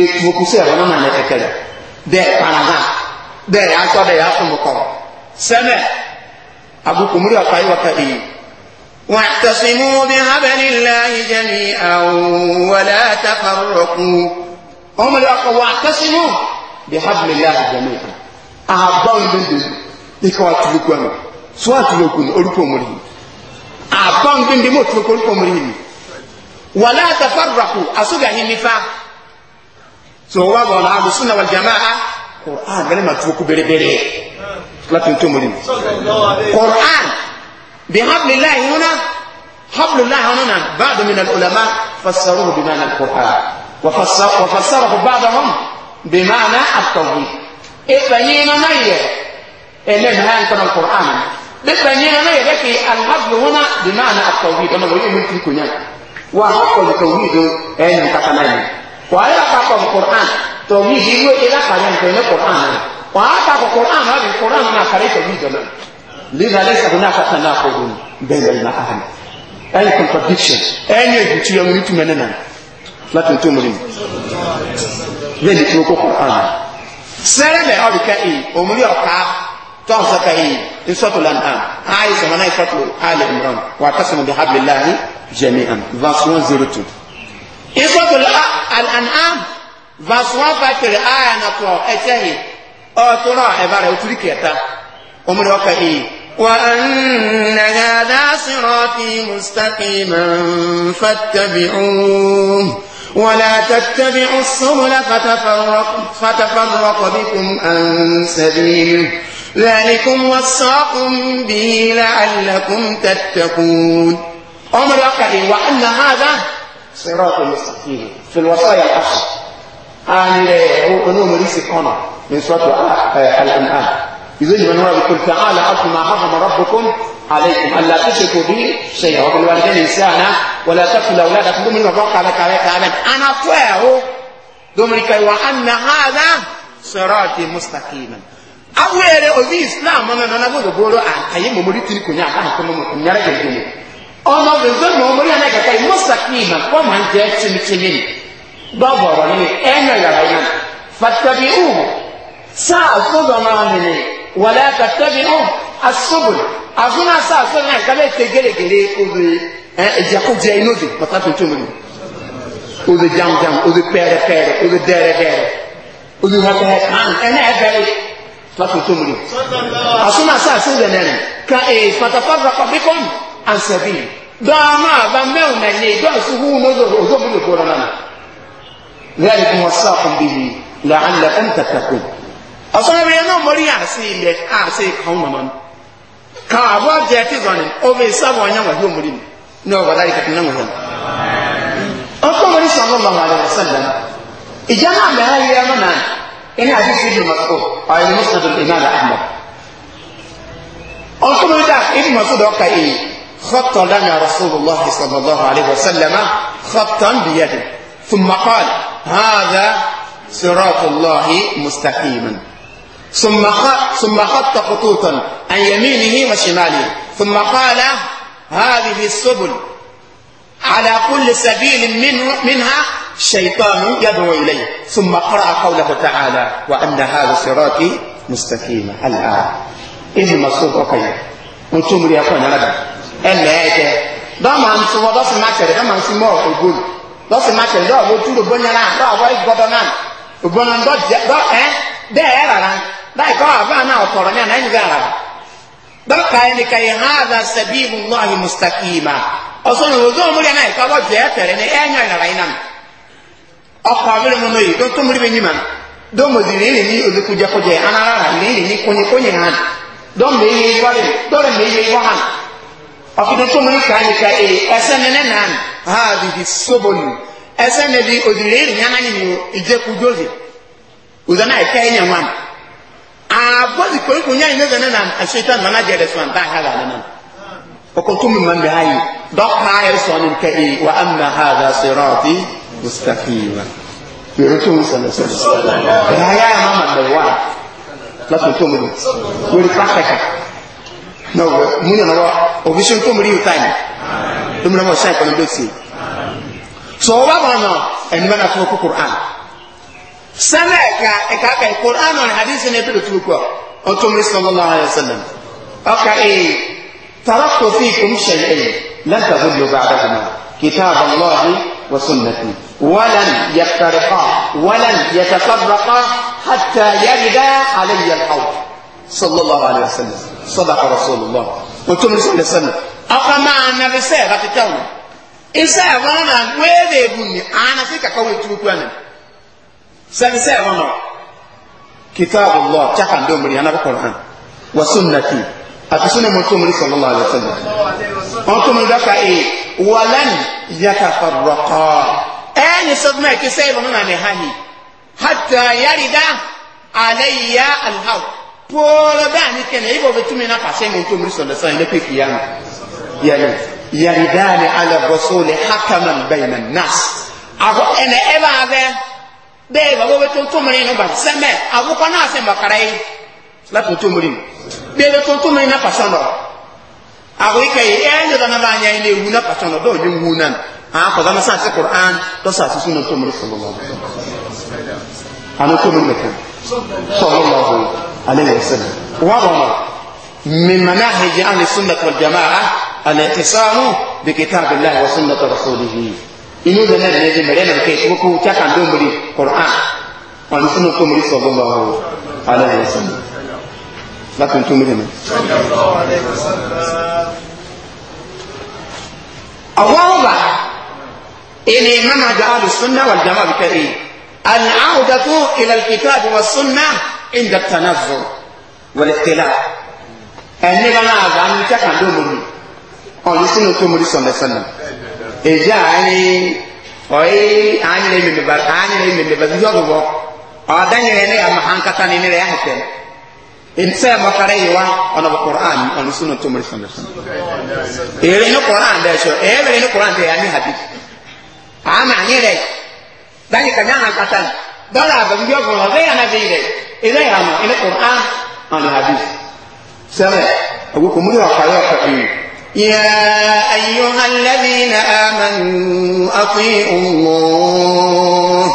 ètò òkúsẹ̀ ẹ̀rọ náà lẹ́ kẹkẹrẹ bẹ́ẹ̀ panama bẹ́ẹ̀ yà sọ bẹ́ẹ̀ yà sọ mọ̀ kọ́ sẹ́mẹ̀ àbùkù múlò ọ̀pá yìí wọ́pẹ́ èyí. واعتصموا بحبل الله جميعا ولا تفرقوا هم الأقوى واعتصموا بحبل الله جميعا أعبان من دون لكوا تلقوا سواء تلقوا أولكم مريم أعبان من دون تلقوا أولكم مريم wàlá àtàfàràkù àsúgà yìí nífa tí ó wà bọ̀ náà àlùsùn náà wà jàmáà kùrán gẹ́lẹ́ màá tó kú bẹ̀rẹ̀bẹ̀rẹ̀ láti tó mọ̀ nínú kùrán bí hablillahi hona hablillahi hona na báàdù mi nàl ọ̀làmá fasaruhu bí máa na kùrán wafasaruhu báàdù hom bí máa na àtọ̀wé ìfẹ̀ yìí na náà yẹ ẹ̀lẹ́ mi náà nǹkan kùrán nípa yìí na náà yẹ kí alhablu hona bí máa na àtọ̀wé ọ̀nà wọ́n yóò mú kí kò nyà wa hapo tauhidu eh mtakanani kwa hiyo hapa kwa Qur'an tauhidi hiyo ila kanya kwenye Qur'an kwa hata kwa Qur'an hadi Qur'an na kale tauhidu na lidha laysa hunaka tanaqudun baina al-ma'ani any contradiction any vitu ya mtu manena na tuntu mulimu ndio kwa Qur'an sere تحصى كهي إن سورة الأنعام عايز من أي سورة آل عمران واعتصموا بحبل الله جميعا verse 102 إن سورة الأنعام verse 153 آية نطوى أتهي أو ترى إبارة وتريك يتا أمر وكهي وأن هذا صراطي مستقيما فاتبعوه ولا تتبعوا السبل فتفرق, فتفرق بكم عن سبيله ذلكم وصاكم به لعلكم تتقون عمر يقضي وأن هذا صراط المستقيم في الوصايا and هو أنهم ليس قنا من سورة الأنعام يقول من هو يقول تعالى أعطوا ما حرم ربكم عليكم ألا تشركوا به شيئا وبالوالدين إنسانا ولا تقتلوا أولادكم من وقع لك عليك أنا فاهو دمرك وأن هذا صراطي مستقيما awere obi islam na na nabo goro ayi mo mori tiri kunya aka ko mo nyara ge gele ono be zo mo mori ana ka kai musa kima ko man je chimi chimi ba boro ni eno ya rayu fattabi'uhu sa afudo ma ni wala tattabi'u as-subul azuna sa azuna ka le tegere gere obi eh je ko je ino de pata to to mo obi jam jam obi pere pere obi dere dere obi ha ko han ene e láti tó múlò àsúnà sáà sí ìrẹ̀lẹ̀ rẹ̀ ka èyí fàtàfàtà pàbíkọ́n ànsẹ̀bí dọ́ọ̀mọ́ àbá mẹ́rin náà ní ìjọ ìṣubú òjò múlò tó rọrọ náà lẹ́yìn kí wọ́n sá fún bíbí làálẹ̀ ń tàkàkùn ọ̀sán rẹ̀ náà mọ̀rí àṣì ilẹ̀ àṣì kan mọ̀mọ́ ka àbọ̀ jẹ́ tí zọ́ni omi sábà ọ̀nyá wà yóò múlò ní ọ̀gá láyé kàkí náà wọ̀nyá ọkọ̀ mọ̀rí sọ̀rọ̀ lọ́wọ́ àlẹ́ ان حديث ابن مسعود أي مسند الإمام أحمد أنتم يدعك ابن مسعود وقع إيه خطا لنا رسول الله صلى الله عليه وسلم خطا بيده ثم قال هذا صراط الله مستقيما ثم ثم خط خطوطا عن يمينه وشماله ثم قال هذه السبل على كل سبيل منه منها شيطان يدعو إليه ثم قرأ قوله تعالى وأن هذا صراطي مستقيم الآن إذ مصروف أقيم أنتم لي أقول أنا ألا أتى دام عن سوا داس ماتر دام عن سوا أقول داس ماتر دام وطول بنيا لا دام وارد بدنا بنيا دا دا إيه ده أنا دا كوا فانا أقول أنا نجى dọ́rọ̀ ka ẹni ka yẹn hàn dà sẹ́bí ìmúlọ́ọ̀hìn mùsítàkì mà ọ̀sán òwò zọ́ọ̀mù rẹ̀ náà ìkọ́ bọ́ jẹ́ tẹ̀rẹ̀ ọkọ̀ abẹ́rẹ́ mọ́nà yìí tó tóun ríbi nyìmá dọ́mọ̀ sì rí ní olùkújẹkújẹ anára rí ní kúnyekúnye hàn dọ́mọ̀ èyí wáyé dọ́rẹ̀ mẹ́yẹ wá hàn ọ̀fìdó tóun rí ká nìka èyí ẹsẹ̀ nẹ́nẹ́ nàn ha bìbí sóbòlù ẹsẹ̀ nẹ́bi òdìrí rí nyánà nìyí ìjẹkújọ́sì òdà náà ẹ̀ka ẹ̀yẹ wọn àbọ̀dì koríko nyánà nẹ́sẹ̀ nẹ́nà àṣetán mọ́nà mustaqima yẹ̀rọ tó ń sọ̀rọ̀ sọ̀rọ̀ ẹ̀yà yà máa mọ̀ wá láti tó mu lò wọ́n pàtàkà náà wọ́n mú yàn lọ́wọ́ òbí ṣe ń tó mu rí ìta yìí ló mú lọ́wọ́ ṣáà ìkọ́ni bẹ́ẹ̀ sí i sọ wọ́n bá wọn nọ ẹni bá náà fún ọkọ̀ kùrán sẹ́nẹ̀ ẹ̀ka ẹ̀ka ẹ̀ka kùrán náà ní hadith ní ẹ̀pẹ̀lẹ̀ tó kọ́ ọ̀n tó mu rí sọ̀rọ̀ lọ́wọ́ ayọ̀ sẹ́lẹ̀m ọkà ee tarakto fi kòm ṣẹlẹ̀ lẹ́tà tó lọ bá a dàgbà kìtà àbọ̀lọ́ọ̀hìn wọ́n sún nàfẹ́ ولن يفترقا ولن يتفرقا حتى يردا علي الحوض صلى الله عليه وسلم صدق رسول الله وتم صلى الله عليه وسلم أقام أن الرسالة تتونا إسا وانا ويدي يبني أنا فيك قوي تلوكوانا سنسا وانا كتاب الله تحن دومري أنا بقرآن وسنتي أتسنة مطمري صلى الله عليه وسلم مطمري دكا إيه ولن يتفرقا أين صدمة كسيب من هاي حتى يرد علي الحوض polo da ni kene ibo betumi na pase ni to mristo da sai lepe kiyama yani yaridani ala rasul hakaman bayna nas ago ene eba ave be ba bo betun to mri no ba seme ago ko na se makarai la to to mri be be to to mri na pase no ago ikai e ndo na ba nya ile wu na pase no do nyu wu na àwọn kọ̀ọ̀dá náà sáà sí quran lọ́sà àti súnà tó mọ̀rẹ́ sọ̀rọ̀ lọ́wọ́ àmì tó mọ̀rẹ́ kan sọ̀rọ̀ lọ́wọ́ alẹ́ yẹn sẹ́lẹ̀ wà wọ́n من مناهج أهل السنة والجماعة الاعتصام بكتاب الله وسنة رسوله inú ìlú náà lè jẹmẹrẹ náà kẹ ìṣòwò kó tí a kà ń dóun bèrè kọrọán ọ̀nà sínú tó mèrè sọ gbọ́n bá wọ aláìwọ̀ sọ láti tó mèrè mi. àwọn ọba إلى منهج أهل السنة والجماعة الكريم العودة إلى الكتاب والسنة عند التنزل والاختلاف ẹni bá náà bá ní jákàndó lómi ọ̀yìn sínú tó mórí sọ̀lẹ̀ sọ̀lẹ̀ èyí àárín ọ̀yìn àárín lè mèmè bá àárín lè mèmè bá yọ̀ lọ́wọ́ ọ̀dányìn rẹ̀ ní àmà hankata ní rẹ̀ àhẹ̀tẹ̀ ntẹ́ mọ́kàrẹ́ yìí wá ọ̀nà bọ̀ kọ̀ọ̀án ọ̀yìn sínú tó mórí sọ̀lẹ̀ sọ̀lẹ̀ èrè ní kọ̀ọ̀án dẹ̀ sọ èrè ní kọ̀ọ̀án dẹ̀ yà ní hadith ama ni rẹ báyìí kànyà hàn kàtà dọ́là àbẹ̀mí yóò fọ̀rọ̀ ọ̀dẹ́ yàn nàbẹ̀ rẹ ilé yà mà ilé kùrán ọ̀nà àbí sẹ́lẹ̀ àgùkù múlẹ̀ ọ̀kàlẹ̀ ọ̀kàlẹ̀ yìí. يا أيها الذين آمنوا أطيعوا الله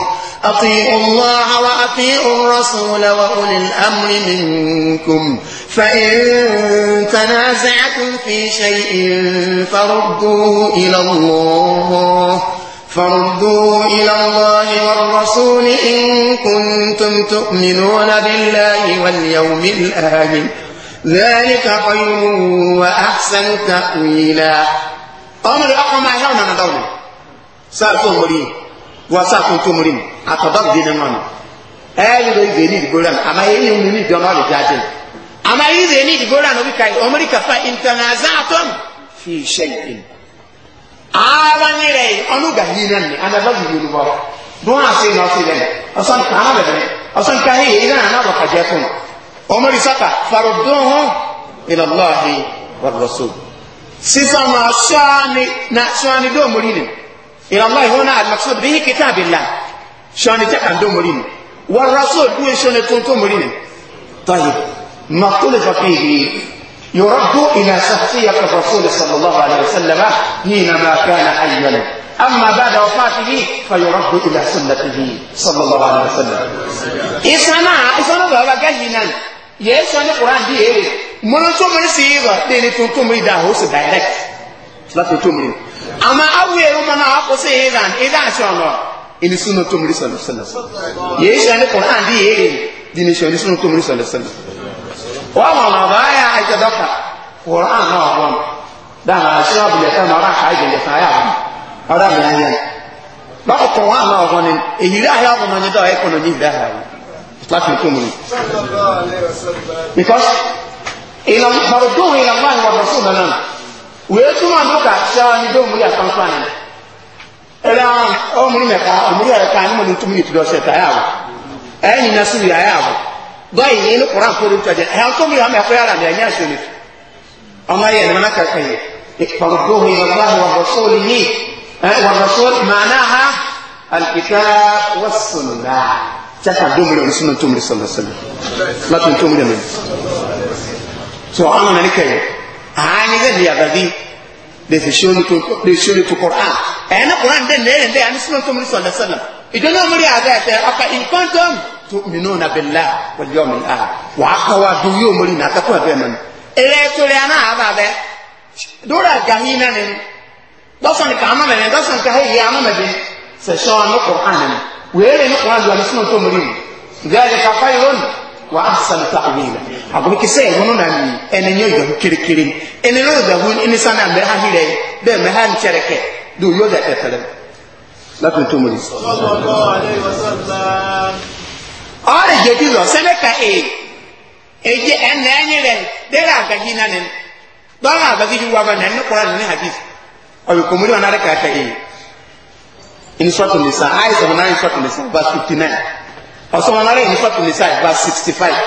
أطيعوا الله وأطيعوا الرسول وأولي الأمر منكم فإن تنازعتم في شيء فردوه إلى الله فردوا إلى الله والرسول إن كنتم تؤمنون بالله واليوم الآخر ذلك خير وأحسن تأويلا أمر أقما هنا ندور سألتم مريم وسألتم تمرين أتضر دين من أهل ذي القرآن أما يلي من جمال الجاجل أما يلي ذي القرآن وبكاي أمريكا فإن تنازعتم في شيء abanyere ɔnu ga yi nani anaba yi yelu bɔ dun ase na ɔsi lɛ ɔsɔn kana bɛ bɛ ɔsɔn kahi yi yina nana bɔ kajɛ fun ɔmɔri saka faro don hɔn ilalahi walaso sisan ma sɔɔni na sɔɔni don mori ni ilalahi wɔn na alaso bihi kita bi la يرد إلى شخصية الرسول صلى الله عليه وسلم حينما كان حيا أما بعد وفاته فيرد إلى سنته صلى الله عليه وسلم إسانا إسانا بابا كهنا يسوى القرآن دي إيه منتو من سيغا ديني تنتو من داهوس دايركت لا تنتو من أما أول من أقو سيغا إذا شانا إني سنة تمري صلى الله عليه وسلم يسوى القرآن دي إيه ديني شانا سنة تمري صلى الله عليه وسلم wọ́n na náà bá yà àjọ dọ́kà wòrán náà wọ́n dáná àti ọ̀bùlẹ̀ fẹ́ mọ́ ọ̀rá kàá ìjẹ̀lẹ̀ fún ayáwó ọ̀rá mi náà yẹn lọ́kọ̀kọ̀ wọ́n náà wọ́n ni èyí rí ayé ọ̀bùn náà nídọ̀ ẹ̀kọ́ náà ní ìdá ààrẹ láti tó mu ni. because ìlànà mọ̀rọ̀dún ìlànà wà ní wọ́n fún náà wèé túmọ̀ nípa ṣẹ́ wọn ní dóòmù yà kánfà ni ẹ̀rọ ọmọ mi mẹ̀ka ọmọ mi yà kánfà ni mo ní túmọ̀ yìí tó dọ̀ ṣẹ̀ tàyà wọ̀ ẹ̀yìn náà sì yà yà wọ̀ báyìí yẹn ní koran kóró ń tọ́jà ẹ̀yà tó mi hàn mí ẹ̀kọ́ yàrá mi ẹ̀yà sọ̀rọ̀ ọmọ yẹn ní mọ́nà kẹfẹ́ yìí ìpàgọ́dọ́ mi wà láhùn wà bọ̀sọ́ọ̀lì yìí wà bọ̀sọ́ọ̀lì màánà ha alìkìtà wà sọ̀nà jẹ́ka dómìnà ní súnà tómìnà sọ̀nà sọ̀nà látún tómìnà mi. tó ọ̀nà nàní kẹyẹ àányi gẹ́ di àgàdì lè fi ṣóni tó koran ẹ̀yẹ ní koran dẹ́ nẹ́yẹ̀ dẹ́ àní súnà tómìnà sọ̀nà sọ̀nà tu'minuna billahi wal yawmil akhir wa akawa du yo mori na ka ko be man ele to le ana aba be dora gahina ne do son ka ama me do son ka he ya ama me be se so no qur'an ne wele no qur'an do sun to mori zalika khairun wa ahsan ta'wila ago ki se no na ni ene nyo yo kirikiri ene no da hun ini sana me ha hire be me ha nchereke do yo da tefele lakin to mori sallallahu alaihi wasallam ọrẹ jẹ jizọ sẹnẹka ee e eje ẹnna ẹnyi rẹ dẹrẹ agagi nanin dọla agagi ju e. e, wa bana ẹni kura nínú hadith ọbẹ kòmúlẹ wọn adaka aka ee in sọtù nìsa ayé sọmọ náà in sọtù nìsa verse fifty nine ọsọmọ náà in sọtù nìsa verse sixty five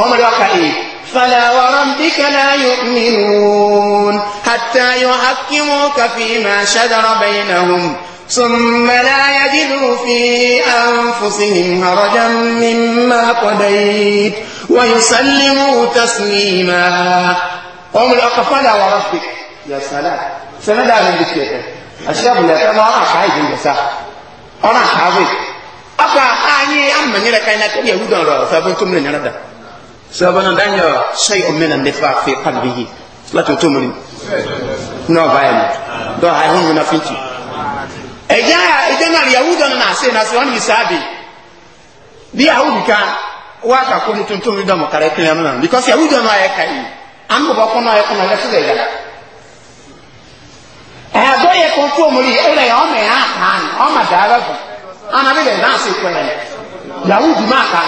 ọmọdé wa ka ee. فلا وربك لا يؤمنون حتى يحكموك فيما شجر بينهم ثم لا يجدوا في أنفسهم هرجا مما قضيت ويسلموا تسليما قوم الأقفال وربك يا سلام سند على الذكر الشاب لا كما أنا شاهد المساء أنا حافظ أفا أني أما نرى كأن كل يهود أرى فبنتم لنا ردا سبحان شيء من النفاق في قلبه لا تؤمن نو دو هاي هم منافقين ɛgya a ɛgya na no na ase na ase bi yahudu ka waka ko ne tuntum bi dɔm kare kiri ano na because no ayɛ ka yi an bɔ na ɔyɛ so yɛ gya ɛyɛ dɔ yɛ kɔntu ọ na yɛ ɔma yɛ ɔma daa bɛ fɔ ana bi na kɔ yɛ yahudu ma ka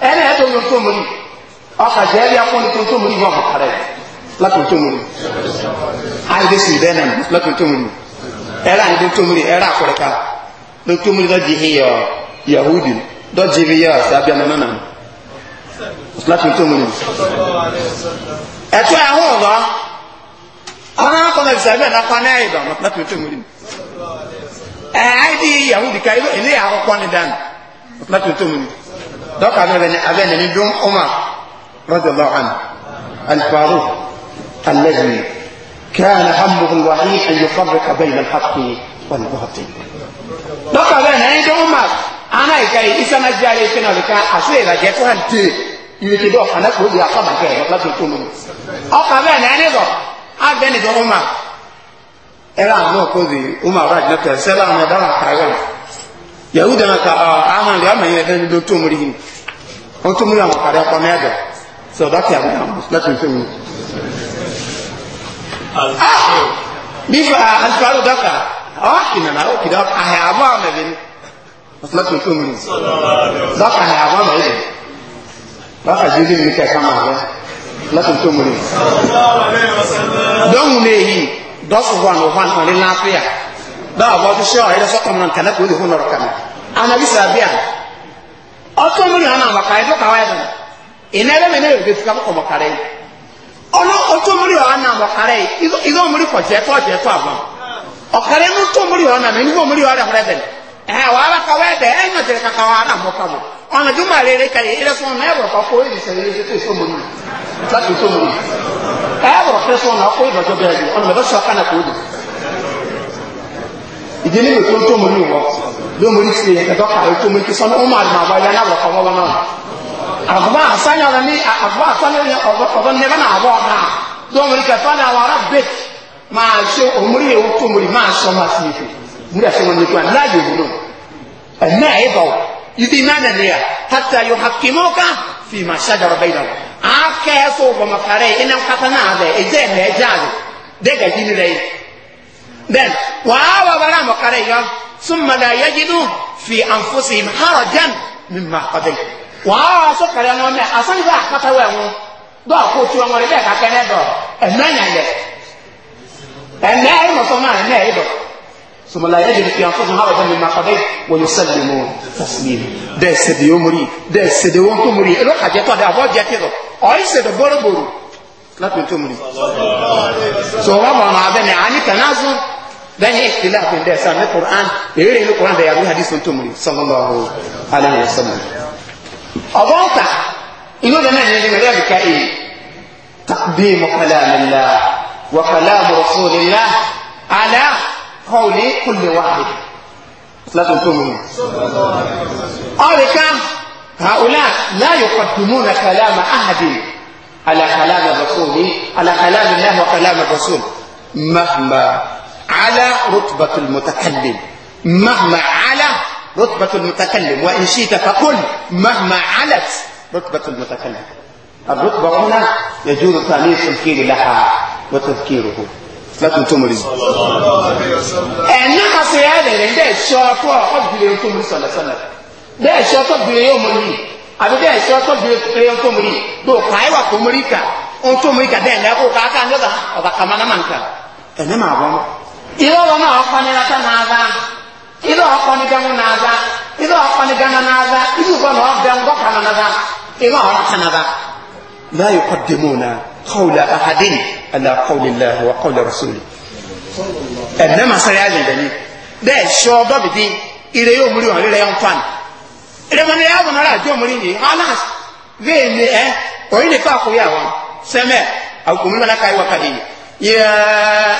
ɛna yɛ ɔka jɛ bi akɔ la ayi ɛra ni dɔn tomori ɛra akɔrɛ kan dɔn tomori dɔ di hi yɔ yahudi dɔ di bi yɔ sabia nana na silafin tomori ɛtɔ yɛ ahorow ba ɔna akɔnɔ bisabia na kwan n'ayi dɔn silafin tomori ɛɛ ayi di yahudi ka ele yɛ akɔkɔ ni dan silafin tomori dɔ ka bɛ abɛ ni dun ɔma rɔdɔlɔ an alifaru alɛbi. كان همه الوحيد أن يفرق بين الحق والباطل لقد أنا عند عمر أنا إكاري إسا نجاري كنا لك أسيرا جيكو هنتي يلكي دوك أنا كل يقام كي يطلق الكمون أقام أنا عند عمر أبني دو عمر إلا أنا كذي عمر راج نكتر سلام دارا كاغل كا أنا كأعمل لأما يدني دو تومرين أنتم يا مقارا قميدا سوداك يا مقارا لكن فيه bifa alfaru daka awaki nana awoki daka ahayabo amabini masalasi o tomuni daka ahayabo amabini daka jesu mi kɛ kama abɛ masalasi o tomuni dɔnku ne yi dɔsu hɔn o hɔn ɔni lafiya dɔw bɔ ti sɛ ɔyɛ sɔ kɔmɔ kana k'o de ho nɔrɔ kana anabi sabiya ɔtɔmuni ɔna maka ɛdɔ kawa yɛ sɛ ina yɛrɛ mi ne yɛrɛ bɛ fi ka kɔmɔ kare yi ọ̀nà ọ̀tọ́mọ̀rì ọ̀nà ọ̀kàrẹ́ ìdọ́mọ̀rì kọ̀ jẹ́tọ́ jẹ́tọ́ àbọ̀ ọ̀kàrẹ́ ní tọ́mọ̀rì ọ̀nà mi nígbà ọ̀mọ̀rì ọ̀rẹ́ ọ̀rẹ́ bẹ̀rẹ̀ ẹ̀ wà á bá kawẹ́ bẹ̀ ẹ̀ nà jẹ́rẹ̀ kaka wà á nà mọ̀ kà mọ̀ ọ̀nà jùmọ̀ àlẹ́ rẹ̀ kàlẹ́ ẹ̀rẹ́ fún ọ̀nà ẹ̀wọ̀rọ̀ kọ́ kó èyí sẹ́yìn lé tó ìsọmọ nù láti ìsọmọ nù ẹ̀wọ̀rọ̀ fẹ́ sọ̀nà ọkọ̀ ìdọ̀jọ́ bẹ́ẹ̀ ni ọ̀nà bẹ́ẹ̀ sọ̀ kánà kó dì. ìdí nínú tó tó mọ̀ ní ìwọ ló mọ̀ ní أخبار صنع لني أخبار صنع لني أظن أنا أبوها دوم الكفانة وربك ما شو أمري وتمري ما شو ما سيفي مرا شو من يكون لا يبلون النائب يدينا نيا حتى يحكموك فيما شجر بينهم أكاسو بمفاري إنهم قتنا هذا إجاه إجاه دقا جيني لي then وآوى ولا مقرية ثم لا يجدوا في أنفسهم حرجا مما قضيت wàá sọkàlẹ̀ wọn mẹ asanifẹ akpatawẹ wọn dọ àkótó wọn rẹ bẹẹ kakẹ nẹ dọ ẹnẹ nyàlẹ ẹnẹ ẹ nọ sọmọ ẹnẹ ẹ dọ sọmọlá yẹ jẹbi fìyàn fọsọ hàwẹ fẹmi makọdẹ wọn yóò sẹbi mu taslim dẹ sẹbi yóò mori dẹ sẹbi wọn tó mori ẹlọ kàjẹ tọ dẹ àbọ jẹ ti dọ ọyẹ sẹdọ gbọdọgbọdọ láti tó mori sọ wọn bọ ọmọ abẹ ní àní kànáàzọ bẹ́ẹ̀ni ìpínlẹ̀ àpèndẹ̀ sàmì kùrán èrè ìlú kùrán bẹ̀yà bí hadith tó mori sọmọlá ọhún alẹ́ yẹn sọmọlá. أضاطع إنه لنا من ذلك إيه تقديم كلام الله وكلام رسول الله على قول كل واحد لا تنتمون قال كم هؤلاء لا يقدمون كلام أحد على كلام الرسول على كلام الله وكلام الرسول مهما على رتبة المتكلم مهما على رتبة المتكلم وإن شئت فقل مهما علت رتبة المتكلم الرتبة هنا يجوز تأنيث الكيل لها وتذكيره láti tó mọ̀rí. ẹ̀nà kàṣẹ ẹ̀rẹ̀rẹ̀ bẹ́ẹ̀ ṣọ́ fún ọ̀bìnrin tó mọ̀rí sọ̀lẹ̀sọ̀lẹ̀ bẹ́ẹ̀ ṣọ́ tọ́bìnrin yóò mọ̀rí àbí bẹ́ẹ̀ ṣọ́ tọ́bìnrin tó mọ̀rí ló káyíwá kó mọ̀rí kà ó tó mọ̀rí kà bẹ́ẹ̀ lẹ́kọ̀ọ́ káàkà ńlọ́gà ọ̀bà kàmánà máa ń kà ẹ̀nà máa wọ́n. ìlọ́wọ́ náà ọ ile ọkọni bẹ mu n'aza ile ọkọni bẹ mu n'aza ile ọkọ na ọbẹ mu bọka na n'aza ile ọrọ ka n'aza. لا يقدمون قول أحد على قول الله وقول رسوله ẹnẹma sáré ayé ìdẹni bẹẹ sọ ọdọ bìbí ire yóò múri wọn rírẹ yọ nfàn ìrẹmọdé yà wọn náírà jọ múri yìí alas bẹẹ ni ẹ oyin nìkan àkóyè àwọn sẹmẹ àgùnmí wọn náà káyọ wákàtí yìí. يا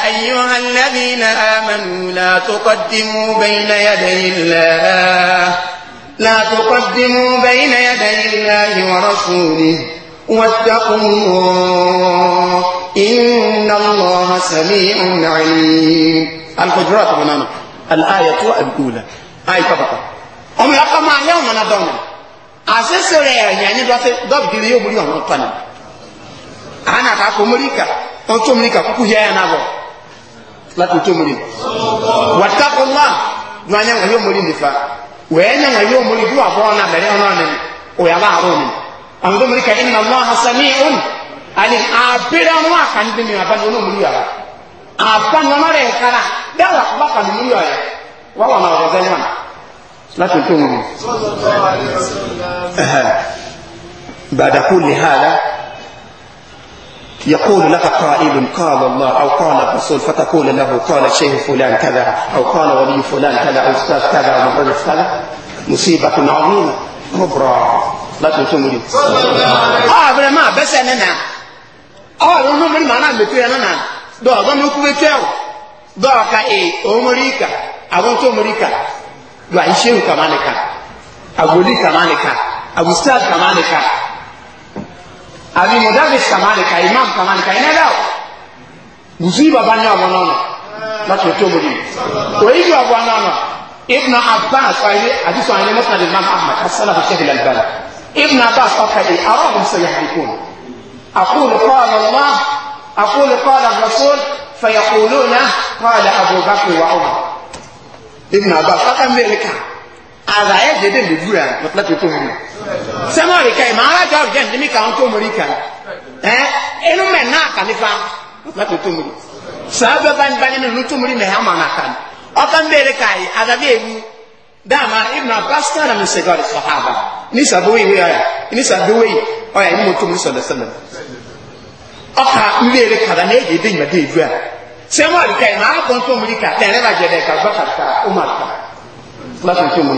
أيها الذين آمنوا لا تقدموا بين يدي الله لا تقدموا بين يدي الله ورسوله واتقوا الله إن الله سميع عليم الحجرات منانا الآية الأولى آية طبقة أم يقام يوم ندونا أسسر يعني دوبدي يوم يوم أنا أنا أكو مريكا ọtọ́ mi ní ká kúkú yẹ́ ẹ̀nà bọ̀ láti ọtọ́ mi ní wàtàkù náà ní wọ́n yẹ́wọ̀n yóò mórí nìfà wẹ́ẹ́ yẹ́wọ̀n yóò mórí bí wà bọ́ ọ̀nà mẹ́rẹ́ ọ̀nà ni òyà bá àrùn mi àwọn ọmọ mi ká iná lọ́ hasan ní ọ̀n àní àbẹ̀rẹ̀ ọ̀nà wà kàn bí mi àbá ní ọ̀nà mórí yàrá àbá ní ọmọ rẹ̀ kára dáwà bá kàn ní mórí yàrá wà wà má wọ́n sẹ́yìn láti ọtọ́ mi ní. bàdàkù lè ha يقول لك قائل قال الله أو قال الرسول فتقول له قال شيخ فلان كذا أو قال ولي فلان كذا أو أستاذ كذا أو مدرس كذا مصيبة عظيمة كبرى لا تنتمري آه برما بس أنا نعم. آه أنا من انا أنا بتوي أنا دو انا لكم انا دو انا إيه، أمريكا انا أمريكا دو أيشيو انا أقولي انا أبو أستاذ كمانك abi mudarris kamani ka imam kamani ka ina dawo musiba banya wanono lati otomo ni o yi wa wanono ibn abbas ayi hadithu ayi musnad imam ahmad hasana fi shaykh al-albani ibn abbas qali arahum sayahdikun aqulu qala allah aqulu qala ar-rasul فيقولون قال ابو بكر وعمر ابن عباس قال امريكا as ẹ̀ dédé lè búra láti tó mú mi. sẹ́mu ọ̀rìkà ìmọ̀ alájọ ọ̀rìkà ìdí mi kà ń tó mú rí kà ẹ́ inú mẹ̀ náà kà nípa láti tó mú rí. sàbẹ̀ bá ní bá nínú inú tó mú rí mẹ̀ hàn máa kà ní. ọkàn bèrè kà yìí àdàbí èmi dáàmà ibùdó abásítà nà mi ṣe gọ́ọ̀rì sọ ha bá ní sàbẹ̀wé ìwé ọ̀yà ní sàbẹ̀wé ọ̀yà ní mo tó mú rí sọ̀dọ̀ sọ̀dọ̀ ọkà ń bèrè kà ní èdè ìdí ìmọ̀dé ìdúrà sẹ́mu ọ̀rìkà ìmọ̀ alájọ ọ̀rìkà ìdí mi kà ń tó mú rí kà láti fi mu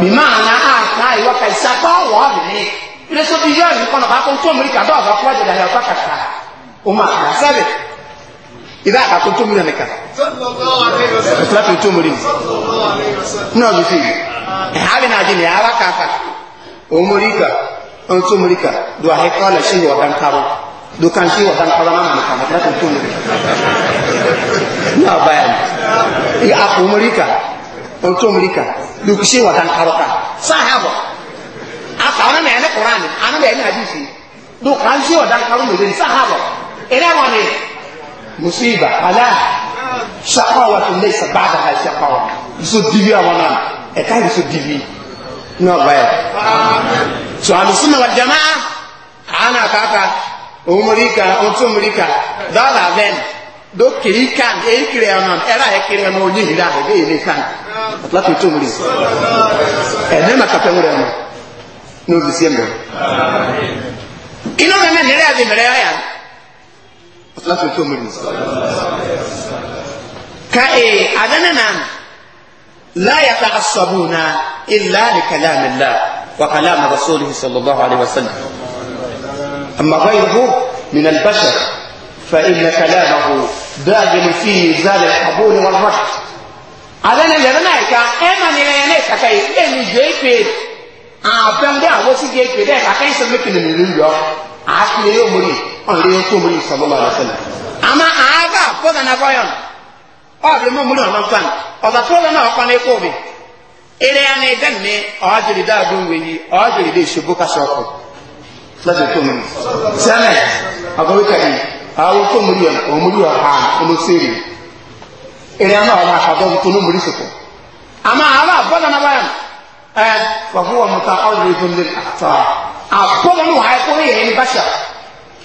mi máa na àṣà ìwọ ka ìsapá wọ ọbìnrin ilé sọ bí yọọ nìkan náà kó tó mìíràn kàdọ́ ọ̀bà fúlájì dàhẹ́ ọ̀bà kàkà ó máa kà sẹ́lẹ̀ ìdá àkà tó tó mìíràn nìkan láti tó mìíràn náà bí fi ẹ̀hà bí náà jìnnà ara kàkà òun mú ríkà òun tó mìíràn kà do àhẹ́ kọ́ lẹ̀ sí ìwọ̀ dáńkárọ̀ do kan sí ìwọ̀ dáńkárọ̀ náà mọ̀ kàmọ́ láti tó mìíràn ní àpò onto mulika dukushe watan karoka sahabo aka ona na ene qur'ani ana na ene hadisi do kanji watan karo no den sahabo ere wani musiba ala shaqawa laysa ba'da ha shaqawa eh, so divi awana e kai so divi no baya so anu sunna wal jamaa ana kaka umurika onto mulika dala ben do kiri kan e kiri anan era e kiri mo nyi hira de be ile kan la tu tumuri e ne ma kape ngure mo no diciembre ino me me nere adi mere ya la tu tumuri ka e adana nan la yata'assabuna illa li kalam Allah wa kalam rasulih sallallahu alaihi wasallam amma ghayruhu min al-bashar فإن كلامه داخل فيه زاد القبول والرشد أذن لنا كا إما نلاقينا كاي إني جيبي أفهم ده هو سيجي كده كاي سمكنا نلويا أكل يومني أن يومني صلى الله عليه وسلم أما أعرف فدا نفعون أبي ما منو نفعون أذا فدا نفعون يكوبي إلى أن يدمي أجري ده دوني أجري ده شبوكا شوكو لازم تومن سامع أقولك إيه awo tó omori yɛ omori yɛ ha ɔmo seri ɛnɛ ama ɔmo akadɔ tó no omori soko ama ala abɔda na ba yɛ no ɛɛ wafo wɔn ta ɔdi ne fun de ata abɔda no wɔ ha ɛkɔ yɛ ɛni basa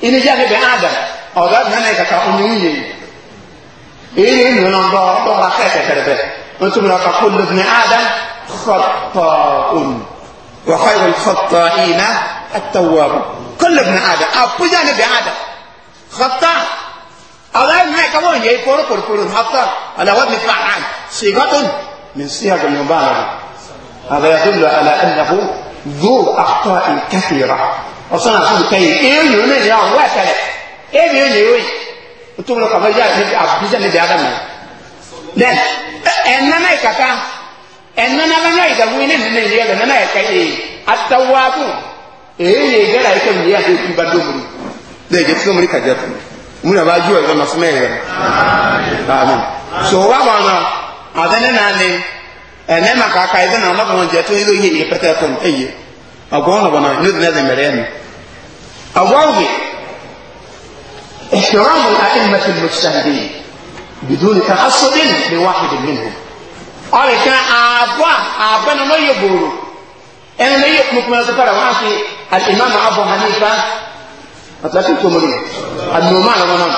ɛni gya ne bɛ adam ɔda nana yɛ kaka ɔmo yɛ yɛ ɛyɛ ɛnu na ɔdɔ ɔdɔ ɔra kɛ kɛkɛrɛ bɛ ɔtɔmi na kakɔ lɛ ne adam xɔtɔ ɔmu wɔkɔ yɛ xɔtɔ ɛyina atawuabu kɔlɛ ne adam apɔja ne bɛ adam. خطاء على ما كمان يا كور كور كور خطاء على وزن فعال صيغة من صيغ المبالغة هذا يدل على أنه ذو أخطاء كثيرة أصلا أقول كي إيه يوني يا واسلة إيه يوني يوني وتقول لك أبغى جاي أبغى جاي بهذا ما لأن أننا كذا أننا لنا إذا وين من اللي هذا أننا كذا التوابون إيه يقدر يكمل يا سيدي بدومري da yake cikin mulka jatu muna ba jiwa ga masu mai ne amin so wa ba na adana na ne ene maka ka idan na mabu jatu ido yi ile pata kon eye agwa na bana ni da da mere ne agwa ge احترام الأئمة المجتهدين بدون تعصب لواحد منهم ọrẹ kan àbọ̀ àbọ̀ náà ló yẹ gbòòrò ẹni ló yẹ kúnkún ẹ̀ tó kára wọn á fi أتلاشي تومري النومان رمان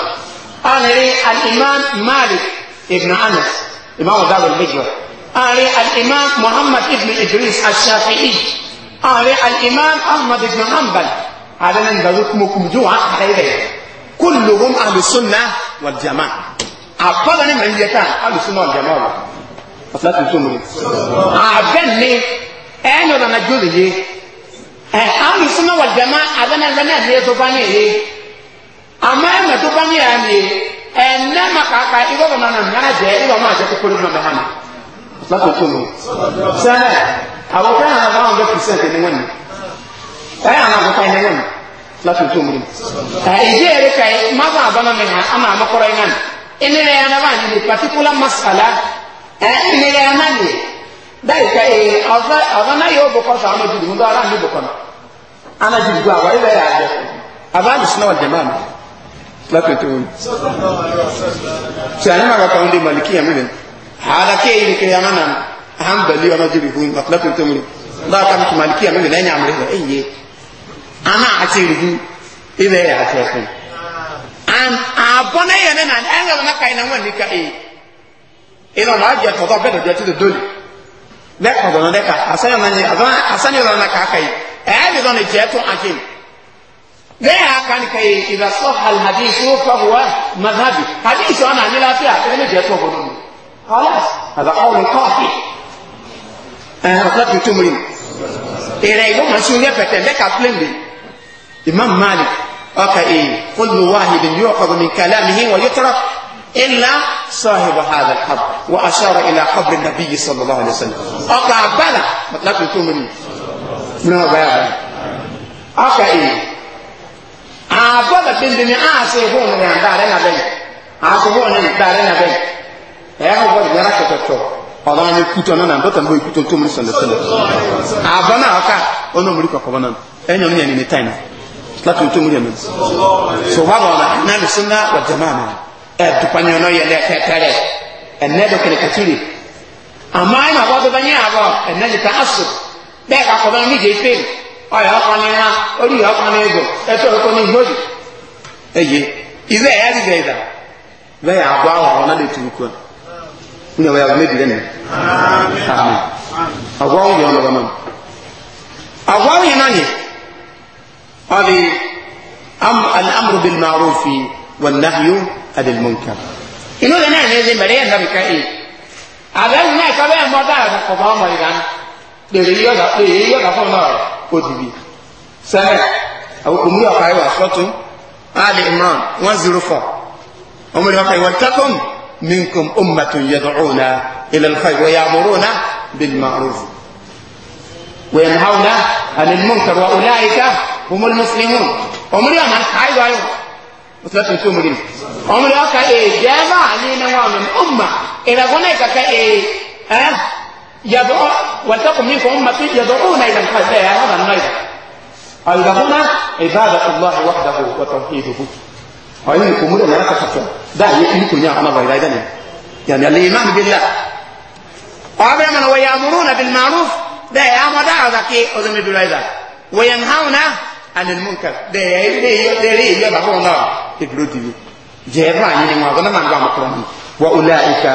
أنا ري الإمام مالك ابن أنس إمام دار الهجرة أنا ري الإمام محمد ابن إدريس الشافعي أنا ري الإمام أحمد بن حنبل هذا نندركم كم جوعا عليه كلهم أهل السنة والجماعة أفضل من يتان أهل السنة والجماعة أتلاشي تومري أعبني أنا رنجوذي ahlu sunna wal jamaa abana lana ne to bani he ama na to bani ya ne enna makaka ibo ba mana na je ibo ma je ko ko na bahana la ko tumu sana abu kana na ba on percent ne wani ai ana ko kai ne wani ko tumu ta ije re kai ma ba abana me ha ama ama ko rai nan ene ya na ba ni particular masala eh ene ya na báyìí ká ee ọ̀fẹ́ náyẹ ọ̀bọ̀kọ sọ àwọn jùlọ ńlọ ara ní ìbọ̀kọ ana jùlọ gbọ́ àwọn ibẹ̀ yà á jẹ àbáàlì sinú ọ̀dẹ̀ máa mi wọn. sọ àyẹ̀mọ̀ àgbàkọ̀ ọ̀hún dé yẹn mílẹ̀ ààrẹ kéèyì ní kéèyà máa nàn án bẹ̀lẹ́ ọ̀nà jùlọ wọn lọ́wọ́ ká mi màlìkì yẹn mílẹ̀ ẹ̀yìn àmì rẹ̀ ẹ̀yẹ ana àti ìrùhù ibẹ̀ yà á ẹ̀ dɛkɔ dɔn dɛka asani ɔna nye asani ɔna na kaka yi ɛyɛ bi dɔn ne jɛ to ake bɛɛ y'a kan ka ye ibasɔ alimadi ko fahuwa mazhabi hadisi ɔna a nyela fiya ɛyɛ ne jɛ to ɔbɔ dɔn ala ala awo ni kɔfi ɛɛ ɔkura tuntun mu yi ɛrɛ yi o ma sun ne pɛtɛ dɛka filen de imam malik ɔka ee kolo wahi de yɔ kɔgɔ min kalamihi wa yɔ tɔrɔ إلا صاحب هذا الحبل وأشار إلى حبل النبي صلى الله عليه وسلم أقع بلا مطلق تمري من هو بيابا أقع إيه أبدا بندني آسي هون من دارنا بي آسي هون من دارنا بي ẹ̀họ́ bọ́ ìyára kẹtọ̀tọ̀ ọ̀rọ̀ àwọn ikútọ̀ náà dọ́tà mọ́ ikútọ̀ tó múrí sọ̀lẹ̀ sọ̀lẹ̀ àbọ̀ náà ọ̀ká onómúrí kọ̀kọ̀bọ̀ náà ẹ̀yọ̀ ní ẹ̀nìyàn táìnà láti tó múrí ẹ̀mí sọ̀wọ́ àwọn ọ̀nà náà lè sọ́nà wà jẹ́ máa náà ɛtukpanyɔ eh, n'oyɛ lɛ tɛtɛrɛ ɛnɛ do kele katiri amaa na wɔdo bɛ nyɛ abɔ ɛnɛ de ta aso bɛɛ ka kɔ bɛ mi de pe ɔyɛ ɔkpani ha ori yɛ ɔkpani ego ɛtɔ ɔkɔ ni hori eye ibe yɛ ɛdi bɛyi da bɛ abɔ awɔ ɔna de turu kura nyɛ wɔyɛ ɔmɛ bi lɛ nɛ ami awɔ awo yɛ ɔlɔbɔ ma awɔ yɛ nani ɔbi am alamuru bil maarufi wa nahiyu. عن المنكر إنه أنا هذه مريه أنا أنا أذل ما شبه مرضى هذا قضاء مريدان لذي يدفعنا قدبي سنة أو أمي أخي وأخوتهم آل إمران وزرفة أمي أخي وأخوتهم منكم أمة يدعون إلى الخير ويأمرون بالمعروف وينهون عن المنكر وأولئك هم المسلمون أمي أخي وأخوتهم musulati so muri omu la ka e jama ni na wa min umma ila gona ka ka e ha yadu wa taqum minkum ummati yad'una ila al-khair hada an-nayd al huna ibadatu allah wahdahu wa tawhiduhu ayin kumule na ka fatwa da yi ni kunya ana wa ila ne yani al-iman billah abra man wa ya'muruna bil ma'ruf da ya amada azaki ozumi bil aida wa yanhauna عن المنكر دليل يبقى هو نار يقولوا دي جيران يعني ما ظن ما نقام قرآن وأولئك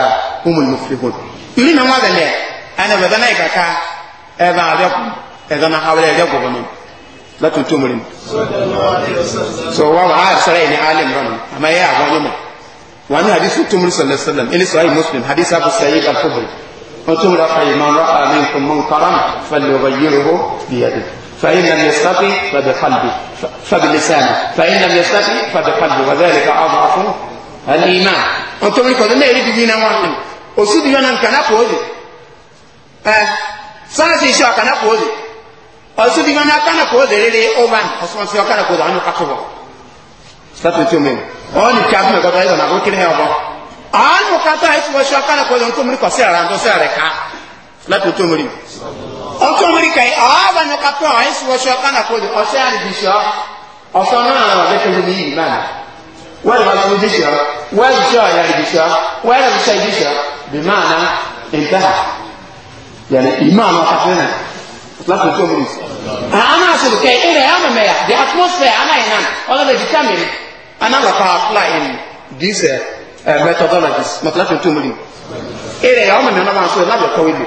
هم المفلحون يريد ما ذا لي أنا بذنا يكاكا إذا عليكم إذا أنا حاول يجاكم بنون لا تنتمرين so wa a sarai ne alim ran amma ya ga yamma wani hadisi tumul sallallahu alaihi wasallam in sahih muslim hadisi abu sa'id al-khudri وتمرق من رأى منكم منكرا فليغيره بيده فإن لم يستطع فبقلبه فبلسانه فإن لم يستطع فبقلبه وذلك أضعف الإيمان أنتم لكم لما يريد دينا واحد أسود يونا كان أقوذي أه سنة إشاء كان أقوذي أسود يونا كان أقوذي للي أوبان أسوان سيوى كان أقوذي عنه قطبه ستة تيومين أولي كافنا قد رأيضا نقول كده أبا أنا وكاتا إسوى كان أقوذي أنتم لكم سيارة أنتم سيارة لا تتمرين ọtọ mìíràn yìí ọ̀hún àwọn ẹ̀ka pé ọ̀hún ẹ̀sùn wọ́ṣọ kánà kó lè ọṣẹ àdìbìṣọ ọ̀sọ náà ọ̀dẹ́ kejì ní yìí náà wẹ́ẹ̀lì wọn tún dìṣọ wẹ́ẹ̀lì tí ọ̀yà ìdìṣọ wẹ́ẹ̀lì tí ṣe ìdìṣọ bìmáàná ìdáhà yẹn ìmáàná kàfẹ́nà láti tó mi. àná àṣìlù kẹ ìrẹ̀ ẹ̀ mẹ̀mẹ̀ yà the atmosphere àná yìí náà ọlọ́dẹ determine àná lọ́kọ̀ apply in this uh, eh, methodologies mọ̀tàlá tó tó mi. ìrẹ̀ ẹ̀ mẹ̀mẹ̀ náà máa ń sọ ẹ̀ lábẹ̀ kọ́wé lò.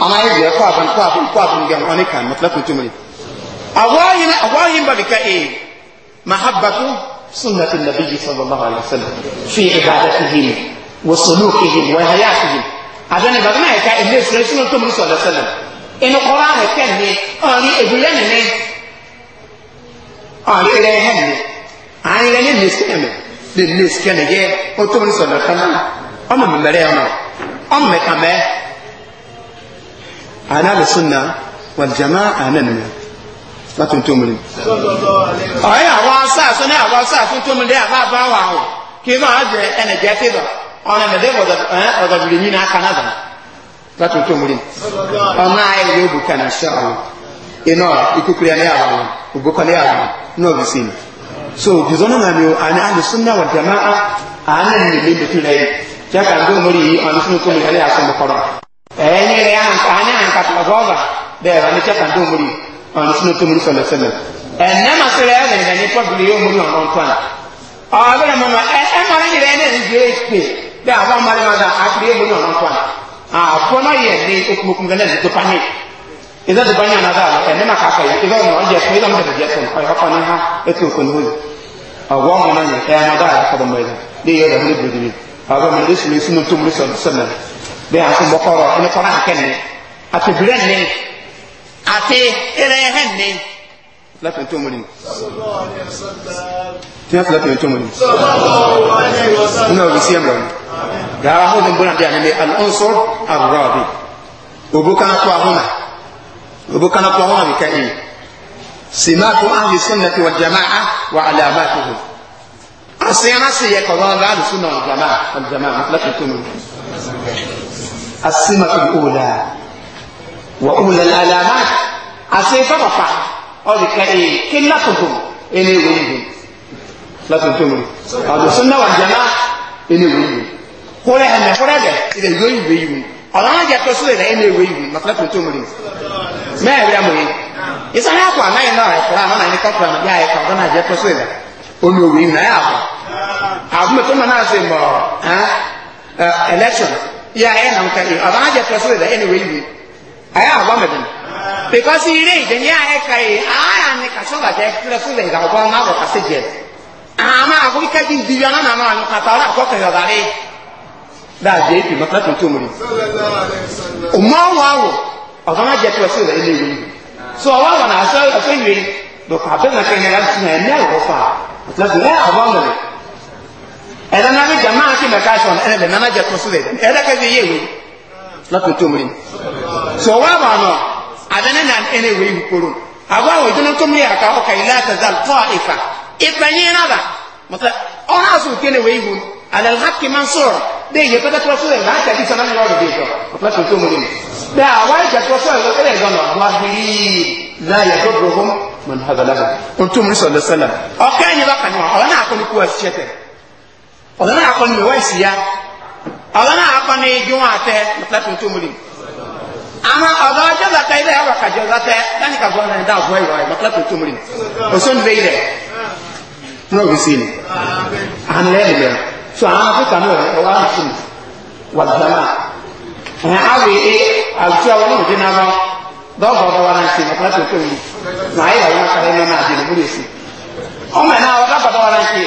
ana ye biyar kwa ban kwa ban kwa ban gan wani kan mutlaqul jumri awayin awayin babika e mahabbatu sunnatin nabiy sallallahu alaihi wasallam fi ibadatihim wa sulukihim wa hayatihim adana bagana ka ile sunnatul jumri sallallahu alaihi wasallam in qur'an ka ne ani ebulen ne ani ile hen ne ani ile ne niskeme de niskeme ye o to sallallahu alaihi wasallam amma mere ama amma kamé أنا للسنة والجماعة أنا نمي لا تنتمني أي أبا ساسون أبا ساسون تمني أبا باوا كيما أجل أنا جاتبا أنا مدبو ذا بلمين أكنا ذا لا تنتمني أما أي يوبو كان إن شاء الله إنا إكوكري أنا أبا وبوكا أنا أبا نو بسيني so jizonu na miyo ani ahlu sunna wa jama'a anan ne ne mutune ya kan go muri an sun ko mun ale asan bakara ɛyɛ ah, eh, ah, eh, eh, nyere ah, ya anka anya anka tɔgɔba bɛɛ ba ne kyɛ kan tó muri ɔn sinu tó muri sɔlɔ sɛlɛ ɛnɛ ma sɛlɛ ɛyɛ nɛgɛ ne tɔ biri yɛ muri ɔn tɔn ɔbɛ na mɔnɔ ɛ ɛ mara nyere ɛyɛ ne zue pe bɛ a bɔ mari ma da a biri yɛ muri ɔn tɔn a fɔlɔ yɛ de okunkun gɛlɛ de to pa ne ìdá ti báyìí àná dáa ẹni máa kà kàyà ìdá ha ètò òkun hóyè ọwọ ọmọ náà yẹ ẹ ẹni dáa ẹkọ ọmọ ẹdá ní ìyẹn ọdọ ọmọ ẹdá ọgbọmọ ẹdá bẹ́ẹ̀ àti bọ́kọ́rọ̀ ẹni kọ́ra nkẹ́ni àti bìrẹ́ni àti ẹrẹ́hẹ́ni lẹ́fẹ̀ẹ́ tó mọ̀lẹ́ tí wọ́n ti lẹ́fẹ̀ẹ́ tó mọ̀lẹ́ nínú ọ̀rọ̀ sí ẹ̀mọ̀ gàá ahọ́n ní bọ́lá bíi àníbi alonso arọ́ọ̀bì òbó kan kó ahọ́nà òbó kan kó ahọ́nà bìkẹ́ ẹ̀yìn sìmáàtò ahli sunnati wal jamaa wà alamatuhu àṣeyàn àṣeyẹ kọ̀ọ̀rọ̀ ọ̀rọ̀ àlùsùn náà jamaa wal jamaa lẹ́fẹ̀ẹ́ tó mọ̀lẹ́. السمة الأولى وأولى العلامات أسيطة رفع أولي كأي كي لا تنتم إني وينهم لا تنتم هذا سنة والجماعة إني وينهم kóra ẹ̀mẹ̀ kóra ẹ̀bẹ̀ ilẹ̀ yóò ìwé yìí ọ̀rọ̀ wọn jẹ́ pẹ́sọ́ ilẹ̀ ẹ̀mẹ̀ ìwé yìí mọ̀tàlá tó tó mọ̀lẹ̀ mẹ́rin amòye ìsáré àpò àmáyé náà ẹ̀kọ́ra àwọn àyè kọ́kọ́ra náà bí àyè kọ́kọ́ náà jẹ́ pẹ́sọ́ ilẹ̀ omi òwe yìí náà yà àpò àbúmọ̀tò náà náà ṣe mọ̀ election ya ẹ na nka ẹ ọba ajẹ fẹsẹ rẹ ẹ na wẹ yìí ẹ yà wà mẹdẹm because ilé ìdè ní ayé ka yìí ara ni kàtó bàjẹ́ fẹsẹ rẹ ìdá ọgbọ́n náà wọ kàtó jẹ àmà àkókò kẹjì ń dibi ọ̀nà nànà àná kàtà ọ̀rọ̀ àkọ́ kẹyọ̀ dàrí dáadé ètò mọ́tà tó tó múni ọmọ wọn wọ ọba ajẹ fẹsẹ rẹ ẹ na wẹ yìí so ọwọ́ wọn àṣọ ẹ̀ fẹ́ yìí dọ̀kọ̀ àbẹ́ ɛdɛ nana jamaa ti mɛ kaa sɔn ɛdɛ nana jɛ kɔsu de dɛ ɛdɛ kɛ se yie wei lati so wa ba nɔ a bɛ ne na ɛnɛ wei koro a ko awɔ jɔnna tó mu yɛ a ka ɔka ila ta zan tɔ ifa ifa nyi na la mɔtɛ ɔna so kene wei hu alal hakki man sɔrɔ de yɛ pɛtɛ kɔsu de n'a jɛ ti sɛnɛ lɔri de sɔrɔ lati tó mu ni bɛ a wa jɛ kɔsu yɛ lɔri de sɔrɔ wa hiri la yɛ tó dɔgɔm man hazala o tó mu ni sɔlɔ sɛlɛ ɔ kɛ ɲɛ ba ka ɲɔgɔn ɔ n'a kɔni ko ọ̀dọ́nà akọni mi wáyé sí ya ọ̀dọ́nà akọni dùnwó àtẹ mọ̀tà tuntun mu ni àmà ọ̀dọ́ ọjọ́ zàtẹ ilé yà wà kàjọ zàtẹ dání ka gbọ́dọ̀ dá ọ̀gbọ́n ìwà yìí mọ̀tà tuntun mu ni òsóni bẹ́ẹ̀ yìí rẹ̀ ní òbí sí ni àmì lẹ́yìn bẹ́ẹ̀ so àwọn afẹ́kà náà ọ̀wá àti wà dàmà ẹ̀ àwì ẹ̀ àwùjọ àwọn olóòdì náà bá dọ́ọ̀bọ̀ bá wà náà sí mọ̀tà tuntun mu ni màá yẹ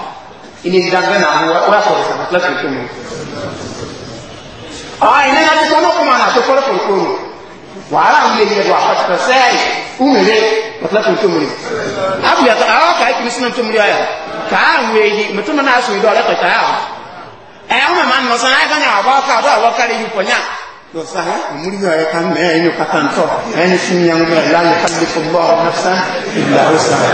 inizidanga nabo wakozesa mukilasukumu ine nakusoma okumana tokola kulukumu walambulire lwakatukasai umire mukilasukumu abuyaka awakaikimisina mutumuliaya kaamweli mutuma nasuidoleketayawo ehumemani nosanayekanya abaka ado abakale yuponya yosaya omulimi ayeka meeno kakanto enesiminyamumelano kallifu llahu nafsan illa husaha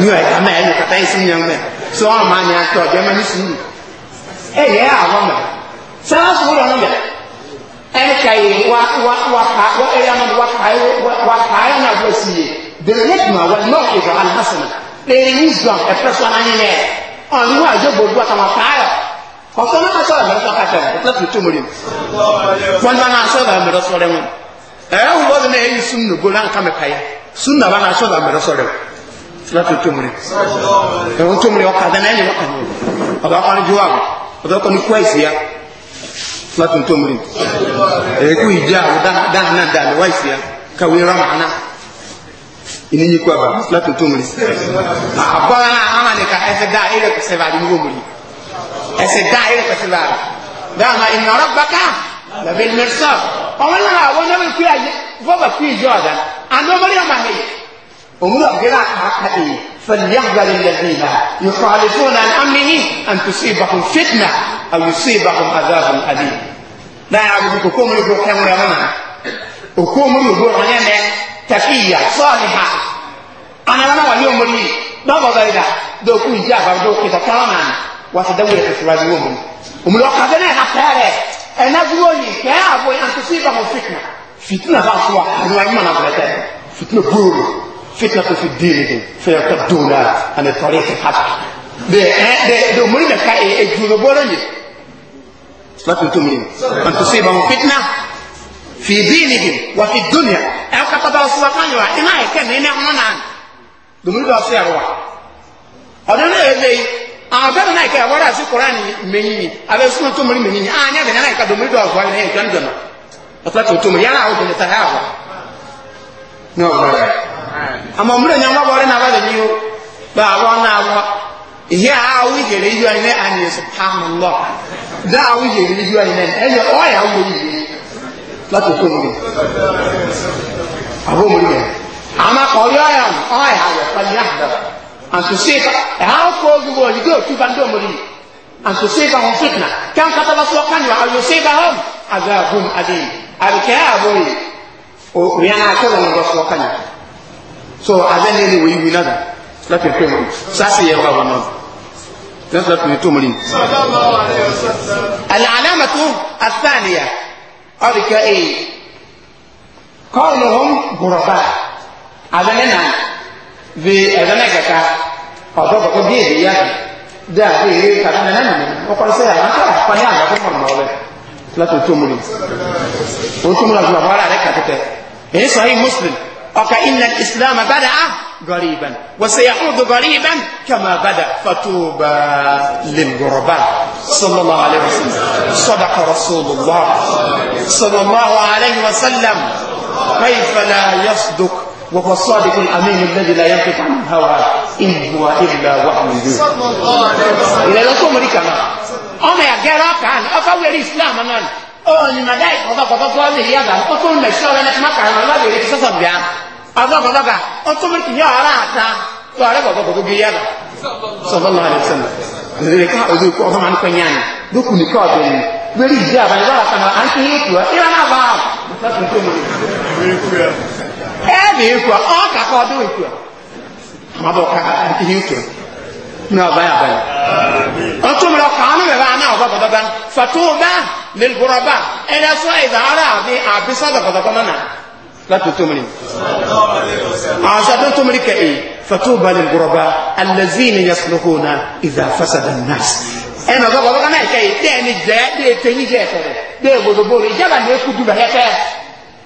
nyo ayeka meeno kata eh, ensiminyamumelano sọ ọmọ anyi atọ germany sinmi ẹ yẹ àwọn mẹ sáà sùwúrọ̀ nù bẹ ẹn ka yi wa wa wa ka wa ẹyà nù wa ka yi wa wa ka yi nà wọ si yẹ dèrè yẹ tuma wà nọ ìgbà alhassan lèrè yìí zọm ẹfẹ sọ n'anyi yẹ ọ ní wà jẹ gbogbo àtàwọn àtàyọ ọsọ náà sọ ẹmẹrẹ sọ kàtẹ ọ ọtọ tuntun mu ni wọn náà sọ ẹmẹrẹ sọ rẹ wọn ẹ ẹ wọ bọ ní ẹ sunu gbọdọ ànkà mẹka yẹ sunu nàbà náà sọ ẹmẹrẹ sọ rẹ wọn láti tómìrì ẹ̀wọ̀n tómìrì ọkà dáná ẹ̀yìn ọkà ọ̀dọ̀ ọkùnrin ju àgbà ọ̀dọ̀ ọkùnrin kú àìsí ya láti tómìrì ẹ̀kú ìjà dáná náà dáná wá àìsí ya káwé ramana ìníyí kú àbá láti tómìrì àbọ̀rán àwọn nìka ẹsẹ̀ dá ẹ̀rẹ̀ kò sẹ̀bà ní wọ́mùrì ẹsẹ̀ dá ẹ̀rẹ̀ kò sẹ̀bà dáná ìnà ọ̀rọ̀ gbàkà làbẹ̀ mẹ́sàn ọ̀wọ́n náà àwọn ọmọ ومرة بلا حقه فليحذر الذين يخالفون عن أمره أن تصيبهم فتنة أو يصيبهم عذاب أليم لا يعبدك كوم يبقى مرمنا وكوم يبقى مرمنا تقية صالحة أنا لما واليوم لي ما بغير دو كون جاب دو كتا كلاما وتدور في سواجهم وملوقتنا نفسها أنا بقولي كيف أن تصيبهم فتنة فتنة بأسوا أنا ما نبغيتها فتنة بورو fitnatu fi diinihim fayasadduna an tariqi haq de de de eh, muri da ka e, e julo boroñi lakin tumini an tusibahum fitna fi diinihim wa fi dunya en eh, ka tabara suwa kan yo ina e ken ina mona do muri do asiaro wa adana e dey abẹ́rẹ́ náà ìka ìwọ́rẹ́ àti kùránì mẹ́yìn ni abẹ́ súnmọ́ tó mọ́rí mẹ́yìn ni a ní ẹ̀dẹ̀ náà ìka domini dọ̀ ọ̀gbọ́n ẹ̀yìn ìjọ́nìjọ́nà ọ̀tọ́tọ̀ tó mọ́rí yàrá àwọn obìnrin tàyà àwọn. ní ọ̀gbọ́n rẹ̀. ama ọmọdé nyɛ ŋmá bɔre nàbà lè nyiwó báwọ na ìyá awo yẹrẹ yíyọ yìí nẹ ànyẹ subhanallah dá awo yẹrẹ a yìí nẹ ẹyẹ ama so azɛni ni wo iwi nada láti pè mọ sasi yɛ wa wọn lọ sọ tún tó mọlẹ. alaalaamatu asaaniya ɔdi ka ee kɔɔlu hɔn gɔrɔba azɛni na bi ɛzɛni kaka ɔdɔ bɔtɔ bi ebi ya da bi eri kaka nana nana ɔkɔli sɛ ɛna kɔ akpani ala kɔ mɔri mɔri láti tó mọlẹ o tó mọlẹ àti bàbá rẹ kàtó tẹ èyí sọ yìí muslim. فإن الإسلام بدأ غريبا وسيعود غريبا كما بدأ فتوبى للغرباء صلى الله عليه وسلم صدق رسول الله صلى الله عليه وسلم كيف لا يصدق وهو الصادق الأمين الذي لا ينطق عن الهوى إن هو إلا وحي الله عليه وسلم إلى كما أما يا جراك عن أفوي الإسلام أنا أو أني مدايك وضع وضع وضع وضع وضع وضع وضع وضع وضع وضع azọ́fọ́ lọ́gà ọtúnmí kìí ọ̀rá àta tó ọ̀rẹ́ bọ̀ bọ̀ gbogbo yẹ́ lọ. sọlọ́lọ́ alẹ́sẹ̀lẹ̀ lèrè ká ojú ikú ọkọ̀ máa ń pẹ́ yáni lókù ní kọ́ ọ̀dọ̀ yìí lórí ìdí àbáyé bọ́lá kan náà à ń kéye kù ọ́ ìran náà bá ẹ bí ikú ọ kàkọ́ ọdún ikú ọ má bọ̀ ká ìdí ikú ọ ní ọ̀báyà báyà ọtúnmí ọkọ̀ àwọn ọmọ ìbára náà ọ̀bọ̀ bọ̀dọ̀ bá fàtúwọ̀ bá lè gbọ́rọ̀ bá ẹ̀ لا تتمني عزاد تمني كأي فتوبى للغرباء الذين يصلحون إذا فسد الناس أنا ضغط الله انا يكأي تاني جاء دي تاني جاء دي بضبوري جاء لن يكو دوبة يكا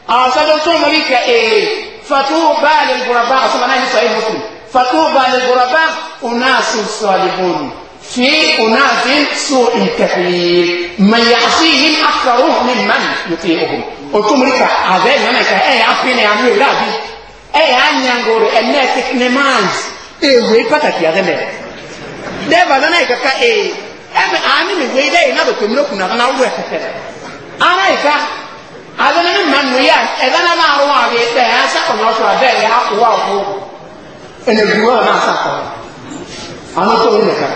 عزاد تمني كأي فتوبة للغرباء أصلا ما هي صحيح مسلم فتوبة للغرباء أناس صالحون في أناس سوء كثير من يعصيهم أكثرهم من من يطيعهم otomurika abe nyanaka ɛyɛ eh, apini anu ewura bi ɛyɛ eh, anyangoro ɛnɛɛtik ne maans ewe eh, pataki ase mɛ dɛba nana yi e, ee ani mi wei dɛyi na do tomuro kuna kana awura tɛtɛrɛ ana eka, ka abe ne ma ya ɛbɛ na na awo abe ya asa kɔnɔ so abe ɛyɛ akowa ɔko ɛnɛ guwa na asa kɔnɔ ana tó wọn nìkan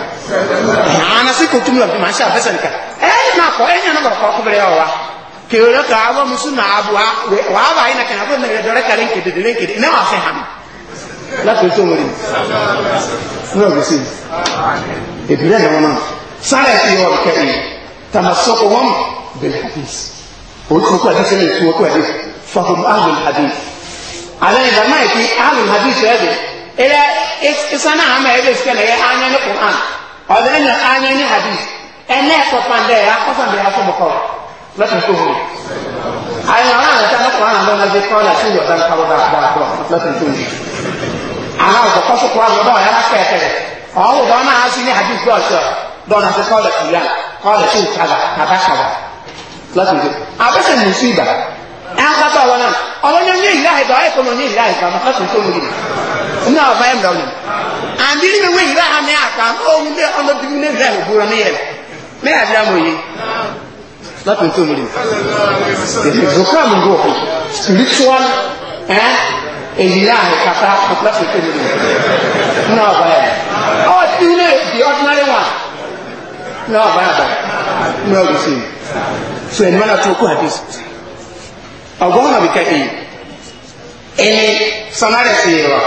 ana si kò tum la bi ma ṣe abẹsẹ nìkan ɛyɛ na kɔ ɛyɛ na kɔ kɔ kó bẹrẹ yà kere ka aba musu na abu wa aba ina kana ko na dore kare nke de nke ina wa se han la ko so mori no go si e bi na wona sala ti yo ka ni tamassuku hum bil hadith o ko ko hadith ne ko ko hadith fa hum ahlul hadith ala ida mai ki ahlul hadith ya de ila is sana ama ya iska na ya anya ni qur'an o da anya anya ni hadith ene ko pande ya ko pande ya ko ko lọ́sùn tó wù. àyìn àwọn àwọn ìta lọ́kùnrin àwọn ọmọ ẹgbẹ́ kọ́ọ̀lá sí ìyọ̀dá káwọ́ dáadọ́ lọ́sùn tó wù. àwọn ọ̀dọ́kọ́ sọ̀kọ́ àwọn ọ̀dọ́ ọ̀yára kẹ̀kẹ̀rẹ̀ ọ̀hún ọ̀dọ́ náà sí ní àjú gbọ́ọ̀ṣọ́ dọ́nà sí kọ́ọ̀lá sí ìyá kọ́ọ̀lá sí ìkàlà àbákàlà lọ́sùn tó wù. àbẹ́sẹ̀ mú sí ìbà ẹnkátó àwọn náà ọmọ ní ní ìlà ìgbà ọ̀ẹ́kọ́ ní ìlà ìgbà ọmọ fásitì tó wúlò ní àwọn ọ̀fẹ́ ẹ̀mdọ̀ ọ̀nà àbí ní wíwí ìlà àmì àkà ọmọ ọmọdé ọmọdé ní ìlà ìgbòrò ní yẹn ní àdìyàmọ̀ yìí láti tó múlì ìfòkàmù gò spiritual èyí àhìkàtà láti tó múlì náà báyà ọ tí ilé the ordinary one náà báyà báyà náà bù sí so ẹni mọ́nà tó kú àdìs ọgbọ́n náà bí ká èyí ẹni sanárẹ̀ sí ìrọ̀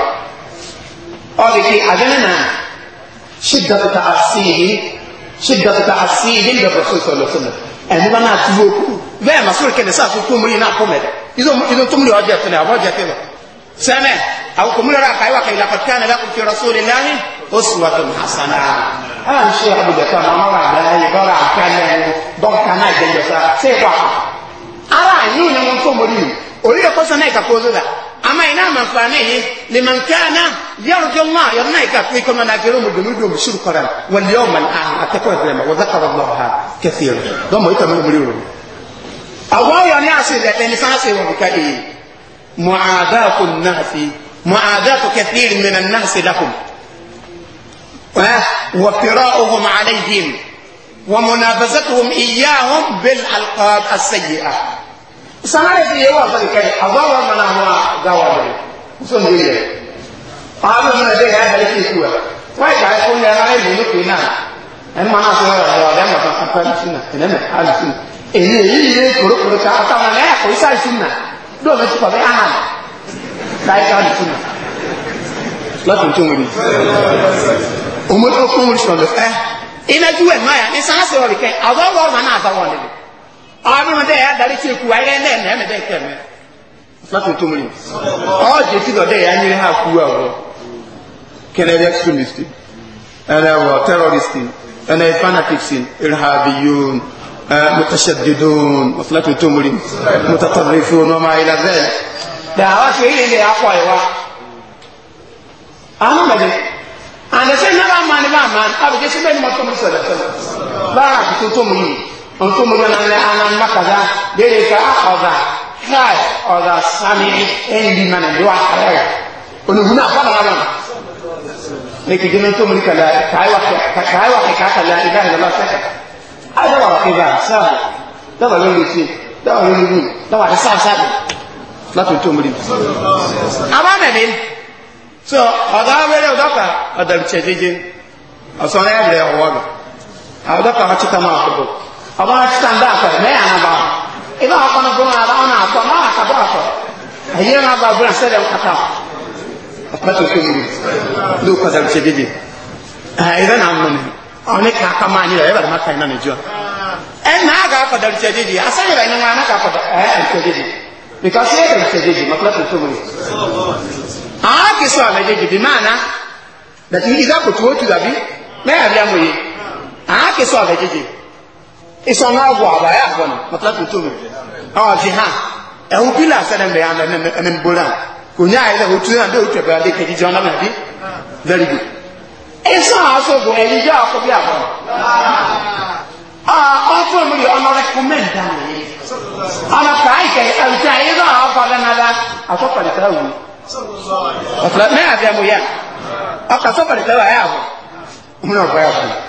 ọ̀dìkì àjẹ́nà náà ṣídàtà àṣìyí ṣídàtà àṣìyí nígbà tó sọ̀rọ̀ sọ̀rọ̀ ẹni bá náà túbọ̀ kú bẹ́ẹ̀ màá sórí kẹ́lẹ́ sáà tó kú múlí náà kú mẹ́rẹ̀ ìdó tó múlí ọjọ́ ìtọ́lẹ̀ àwọn ọjọ́ ìtọ́lẹ̀ sẹ́mẹ̀ àwọn kò múlí ọ̀rọ̀ àkàyíwá kẹ́lẹ́ àkọ́kẹ́ àná lákòókò fi rọ́sọ́ lè láyé ó sì wà tó hasana. a ń ṣe àbùdẹ̀tọ̀ àwọn ọmọ àgbáyé bọ́lá àkàlẹ̀ dọ́ǹkà náà jẹ́ ìjọ ama ina manfanihi liman kana yarju Allah yarna ikafiki kama na kirumu gunudu mshirkaran wal yawm al akhir atakuwa vyema wa dhakara Allah kathira domo ita mwe mliwo awao yani asile ni sasa wa bikadi muadatu an-nasi muadatu kathir min an-nas lakum وافتراؤهم عليهم ومنابزتهم إياهم بالألقاب السيئة sanare ti yewa sani kai azawa mana ma gawa ne muson de ye paalu mana de ya hali ti kuwa wai kai ko ya na ni ni kina en mana so ya wa da ma ta pa ni sina ene me hali sin ene yi ne koro koro ka ata na na ko isa sinna do me ti pa be ana dai ka ni sinna la tun tun ni o mo ko ko mo sọ le eh ina juwe maya ni sanase wa ke azawa mana azawa ne ọmọ mi dẹ ẹ adarí tí eku ayé ẹ nẹ ẹmẹ dẹ kẹmẹ láti tó múlẹ ọ jẹ ti dọdẹ ẹ anyi ha kú ọrọ kẹnẹrẹ extremist ẹnẹ wọ terrorist ẹnẹ fanatics irhabiyun ẹ mutashaddidun láti tó múlẹ mutatarrifun ọmọ ayé lẹsẹ dà ọ ṣe ilé ilé akọ ẹ wa àwọn mẹjẹ ànẹsẹ náà bá ma ni bá ma àbẹjẹ sẹbẹ ni mo tó mu sọdọ sọdọ lára àkókò tó mu yìí nko mu nana ne ana mma kaza dere kai ɔda sami ɛndi na ne do akara ya onu hu na afa na nana ne kike kala kai wa ka kai wa ka ka kala ida ne ada wa ke ba sa da wa ne si da wa ne ni da wa sa sa na to to so ɔda wele ɔda ka ɔda bi chejeje ɔsɔ ne ya de ɔwɔ no ɔda ka ọba wọn ṣiṣan dá akọ mẹ yà nàbà ìbá akọ nà bọmọ àbá ọnà akọ má àkàbọ akọ ẹyẹ nà bá bọlá sẹdẹ nkàtà ọkọ tó kéwì ni ló kọsà ṣe bíbí ẹbẹ nà mọ ni ọni kà kà má nílò ẹbẹ nà má kà iná nìjọ ẹ nà á gà akọ dà ṣe bíbí asẹyìn rẹ ni wọn anà kà akọ dà ẹ ẹ ṣe bíbí because ẹ ṣe bíbí ọkọ tó kéwì ni àwọn akisọ àlẹ jẹjẹ bí má nà dàtí ìdí àpòtù ó tu dàbí mẹ́rin àbí àmọ̀ye àwọn akisọ àlẹ jẹjẹ isɔnga wɔ aba yɛ abɔ no matala tó tóbi awo afi hã ɛhu pila asɛnɛ mbɛ yan ɛnɛ ɛnɛ mbola kò nyɛ ayɛlɛ o tu yɛn bɛ o tu ɛbɛ ale kɛji jɛn ɔnam ɛbi very good isɔn aso bo ɛyi yɛ akɔ bi abɔ aa ɔtɔ mi yɛ ɔnɔ rɛkomɛnd dan yɛ ɔnɔ kaa kɛ ɛwutɛ ayi yɛ ɔfa lɛ nala asɔ palikala wu ɔfila mɛ yà fɛ mo yɛ ɔkasɔ palikala yɛ abɔ mo n'ɔbɔ yɛ abɔ.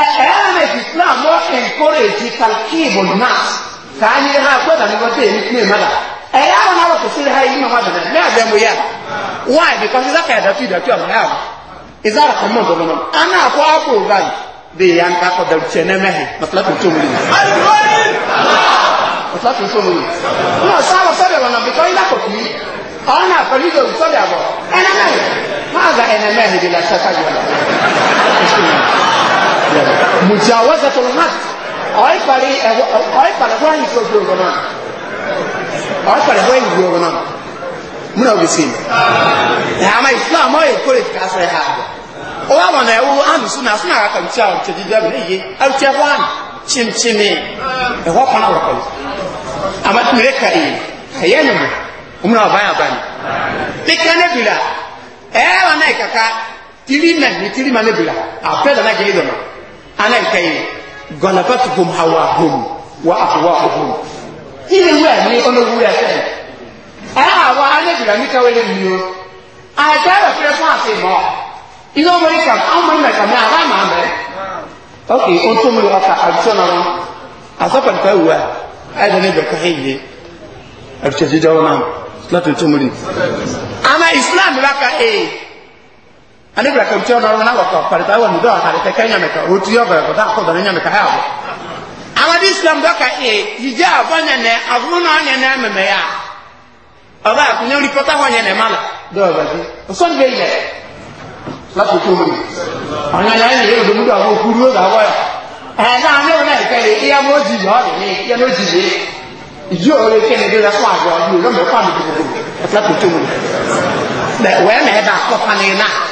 ẹ̀ẹ́mẹ̀ islam wọ́n encourage kalkibul nas ka anyi ha kwẹ́dà ní wọ́n tẹ̀ ní ní ìmọ̀dà ẹ̀yà wọn náà wọ́n sẹ́rẹ̀ ha yìí ní ọmọdé náà ní àgbẹ̀ mu yá why because ìzá ka ìdàtú ìdàtú ọ̀rọ̀ yá wọ ìzá rẹ̀ kàn mọ̀ dọ̀dọ̀ náà àná àkọ́ àpò báyìí bí ìyá ń kakọ̀ dàrú tiẹ̀ ní ẹ̀mẹ́hìn mọ̀tàlátì tó múlẹ̀ mọ̀tàlátì tó múlẹ̀ náà sáwọ sọ́dọ̀ wọn náà bìkọ́ ìdá kọ̀ kì í ọ̀nà àpẹẹrẹ ìdò sọ́dọ̀ àbọ̀ ẹ̀nẹ́mẹ́hìn máa gba ẹ̀nẹ́mẹ́hìn bí lásán mujawazatu lhat ɔyɛ pari ɛwɔ ɔyɛ pari hɔ ayi fɔlɔ gbɔdɔ náà ɔyɛ pari hɔ ayi gbɔdɔ náà mun na o bɛ se mi ɛhama islam ɔyɛ kore k'a sɔrɔ ɛha o wa wɔn ɛwɔ anu suna suna ka kan tia ɔtɛ didi abiri eye ɔtɛ hɔ anu kyimkyimi ɛhɔ kɔn awɔ kɔn ama tumire ka yi ɛyɛ ne mu mun na ɔban aban dika ne bila ɛyɛ wa na yi kaka tiri mɛ ni tiri ma ne bila a bɛɛ nana gili dɔn na anan kai galabatuhum hawahum wa ahwahum ile wa ni ono wu ya se ah wa ane bi mi kawe le mi o a ta ra fere fun ase mo ino mo ka an mo na ka me ara ma me okay on to mi wa ka adisona ro asapan ka wa ne be ka heye a ce ji dawo na láti tó mú rí. àmà ka ee ani bila ka utia dɔrɔn na wakɔ pari ta wani dɔn kari tɛ kɛ ɲamɛ kan o ti yɔ bɛrɛ kɔta kɔ dɔrɔn ɲamɛ kan y'a bɔ amadi islam dɔ ka ee yija a fɔ ɲɛnɛ a fɔ n'a ɲɛnɛ mɛmɛ ya ɔba a kun ye ripɔta fɔ ne ma la dɔw bɛ di o sɔni bɛ yɛlɛ lati ko mi a ŋana ye yɛrɛ domu dɔ a ko kuru yɛ ka bɔ yan ɛɛ n'a ne ko n'a yɛ kɛ ye i y'a m'o ji yɔ de ne i y'a n'o ji ye ìjọ orí kéne bí lọ́sọ̀ àgbọ̀ ọdún yìí lọ́mọ̀ ẹ̀kọ́ àmì gbogbo ẹ̀fẹ́ kò tó wù. bẹ́ẹ̀ wẹ́ẹ́ mẹ́ẹ̀ẹ́dà kọ́ panìyàn náà.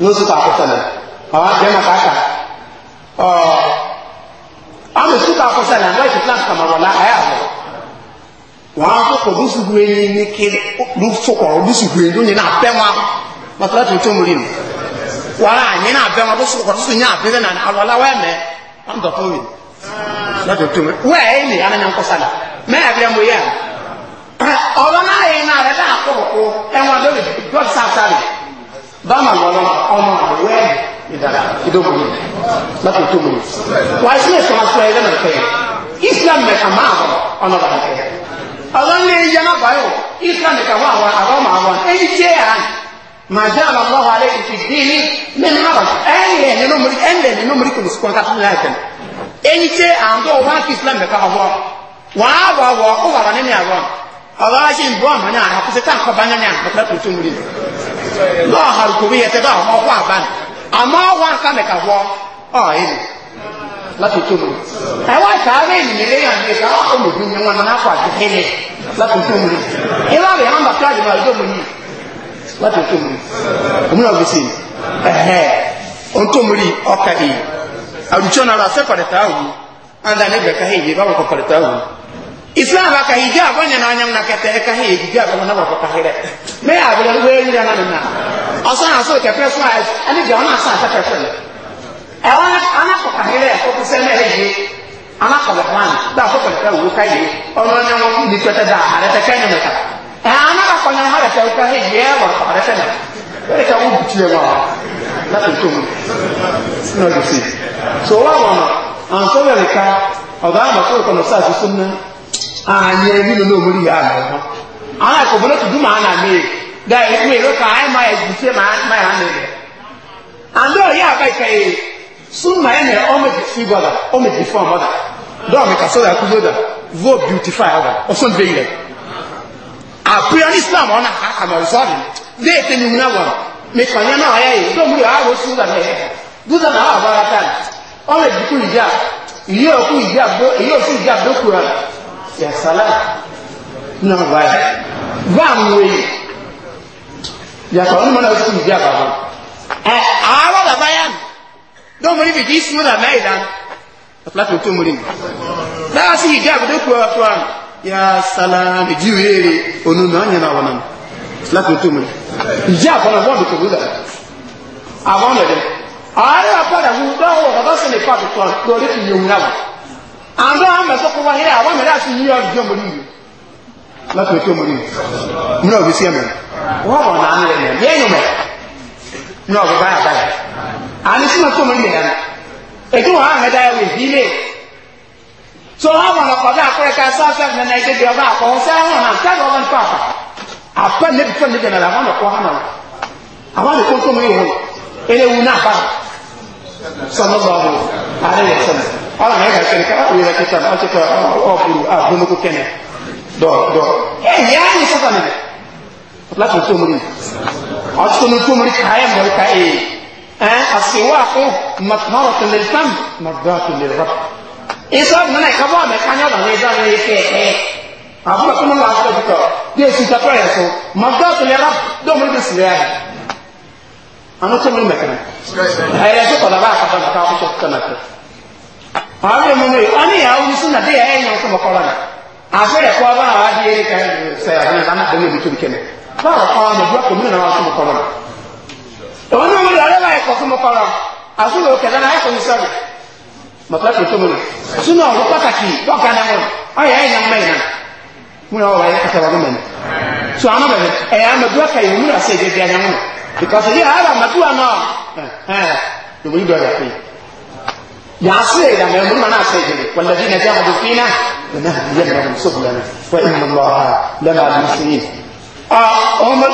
n'osu ta akɔsɛlɛ ɔwɔ bɛrima kaka ɔɔ ama su ta akɔsɛlɛ ɔwɔ ɛsɛ fila kama wɔ la ayɛ abɔ wɔn akɔkɔ dusu hu enyi ni kiri dusu kɔrɔ dusu hu enyi ni na bɛn wa masala tun tó mori no wɔn a nyi na bɛn wa dusu kɔrɔ dusu nyi a bɛn na alɔ la wɔyɛ mɛ an dɔ tó yin masala tun tó mori wɔyɛ eyi ni ana nyan kɔsɛlɛ mɛ ɛbɛrɛ mo yɛ ɔwɔ n'a ye n'a yɛrɛ n'a kɔrɔ ko ɛwɔ dɔ bi dɔ báàmà lọ́nà ọmọ àwẹ̀ ìdàrà ìdókòwò láti tó mú wà sí ẹ̀sọ́ aṣọ ẹ̀rẹ́ nà kẹ́ islam mẹ̀ka máa bọ̀ ọ̀nà bà kẹ́ ọlọ́run ní ẹ̀yẹ má báyọ̀ islam mẹ̀ka wà wà àwọn ọmọ àwọn ẹ̀yí jẹ́ à mà jẹ́ àlọ́ lọ́wọ́ alẹ́ ìfi dín ní mẹ́rin má bà ẹ̀yìn ẹ̀ nínú mọ́rí ẹ̀ńdẹ̀ nínú mọ́rí kò ní sùkọ́ ká fún láìpẹ́ ẹ̀yí jẹ́ à ń bọ̀ wá kí islam mẹ̀ka ọwọ́ wàá wà wọ̀ ó wà wà nínú àwọn ọ̀rọ̀ ajé ń bọ̀ àmọ́ ní àná kó lọ́ọ̀hà rùkùnmí yẹn tẹ́ bá ọmọ ọkọ àbáni àmọ́ wọn sàmẹ̀kà wọ ọ̀ ẹ̀yìn láti tó lò àwọn sàárẹ̀ ìnìyẹn yàn ní ìgbà olùdí ni wọn náà fà dé ní láti tó lò ìlà rẹ̀ hàn bàtà àdìmọ̀ àdìmọ̀ mu yìí láti tó lò òmìnira gbèsè ẹ̀hẹ́ ontomori ọkà yìí àrùjọ náà rà fẹ́ pàrẹ̀tà àwọn àndà nígbà káyé yìí báwọn kọ pàrẹ̀tà àwọn islam aka hijab anya e, na anya na kete ka he hijab na ba ka hele me ya bele we ni na na asa na so ke preso ai ani je ona sa sa ke e ona ana ko ka hele ko ko me heji ana ko ba da ko ko ka wo ka ye ona na mo ni ko da ara ta ka ni ka e ana ka ko na ha ta ka heji e wa ka ara ta na e ka wo ti e na to mo no you see so wana, wa an so le ka ọ̀gá àmọ̀ tó ìkọ̀nà sáà sí súnmọ́ anyị ezinụlọ n'obori ya na ụkwụ ana ka obodo tudu ma a na mee da ekwu ero ka ma ma na ya mere o meji fi gwada o meji fi ọmọda dọọmị ka sọda kuzo da vo beautify ọga ọsọ nbe ile apịa ọ na-aka ọzọ dị na-ete n'ihu na na ọya ya na ya duza na ha agbara taa ọ meji kwu ije ije a yà sálà náà báyà bá a mú èyí yàtọ̀ ọ́n mọ́nà oṣù ìdí àbàbọ̀ ẹ àárọ̀ làbá yà mí dọ́mọ níbi kì í sún náà láì dáná ọ̀pọ̀lọpọ̀ tó mú rí mi lára sí ìdí àbúdó kú ọ̀tọ̀ àmì yà sálà ìdí ìwéèrè onú náà yẹn náà wọ̀ náà ọ̀pọ̀lọpọ̀ tó mú rí ìdí àbọ̀nà bọ́ọ̀dù kò wúlò àwọn ọ̀nà dẹ̀ àárẹ̀ àpàdà fún dọ́wọ́ ọ̀bá àndó àmà sọ́kọ̀ wá hílẹ̀ àwọn mẹ́rẹ́ àti yíyọ ìjọ mọ̀ nínú láti ẹ̀kọ́ mọ̀ nínú múnà òbí sí ẹ̀mẹ̀ wọ́n wọ̀n náà nílẹ̀ mẹ́ yẹ́nyìn mẹ́ ní ọ̀gbọ̀n báyà báyà àní sínú tó mọ̀ nílẹ̀ yẹn ètò wọn àmì dáyà wò ìbí lé tó wọn wọn ọkọ̀dá akọrẹ ká sáfẹ́ nana ẹgbẹ́ bí ọba àkọ́ wọn sáwọn náà sáwọn wọn fà fà àpẹ́ níbi fẹ́ níbi nàlẹ́ àwọn ọkọ̀ hàn àwọn àlùkò tó mọ̀ yìí wọn eléwu náà fà sọlọ́gbọ̀n àrẹ yẹn sọlọ́ ala mɛ ka sɛnɛ kala yɛrɛ kɛ tan an tɛ taa ɔ buru a bomoko kɛnɛ dɔ dɔ ɛ yaa ye sisan nɛ ala tun t'o mori a tun t'o tomori k'a ye mɔri k'a ye ɛn a se wa ko matuma tun lɛ tan ma ba tun lɛ rɔ isa nana ka bɔ a mɛ kanya ba ne zan ye kɛ ɛ a fɔra ko ne ma sɔrɔ bi tɔ ne ye sunjata tɔ so ma ba tun lɛ rɔ dɔw mori bɛ sigi yan an ka tomori mɛ kɛnɛ a yɛrɛ to kɔlɔlɔ a ka ban ka taa fɔ kɛnɛ kɛ àwọn ọmọ mi wọn ní ìyàwó ní súnà bí ẹ̀yìn ọ̀hún tó mọ̀ kọ́ lọ́nà àfẹ́rẹ́ kọ́ bá wà á di eré kan sẹ́yà fún ìdáná àdéhùn ibi tóbi kẹ́mi báwo kọ́ ọmọ bí ọkọ̀ mìíràn wọn tó mọ̀ kọ́ lọ́nà. òun náà mo lọ ọlọ́wà ẹ̀kọ́ tó mọ̀ kọ́ lọ́nà àsúnà òkè dáná ẹ̀kọ́ ní sọ́ọ̀dù mọ̀tàkì tó mọ̀ súnà ọ̀rọ̀ pàtàkì bọ́ọ̀kadà wọn ọ̀yà ẹ̀yìn ọmọ ẹ̀yìn náà múra wà ayé kata wàlú mẹ́nu so àwọn bẹ̀rẹ̀ ẹ̀yà àmàdúrà ka yìí múra sẹ́yìn dẹ́gbẹ́ anyamọ́ because yìí àyàrá àmàdúrà náà ẹ̀ ẹ̀ lòmìnira yà pé يعصي لما يقول ما نعصي جدي والذين جاهدوا فينا لنهدينهم سبلنا وإن الله لنا المسلمين عمر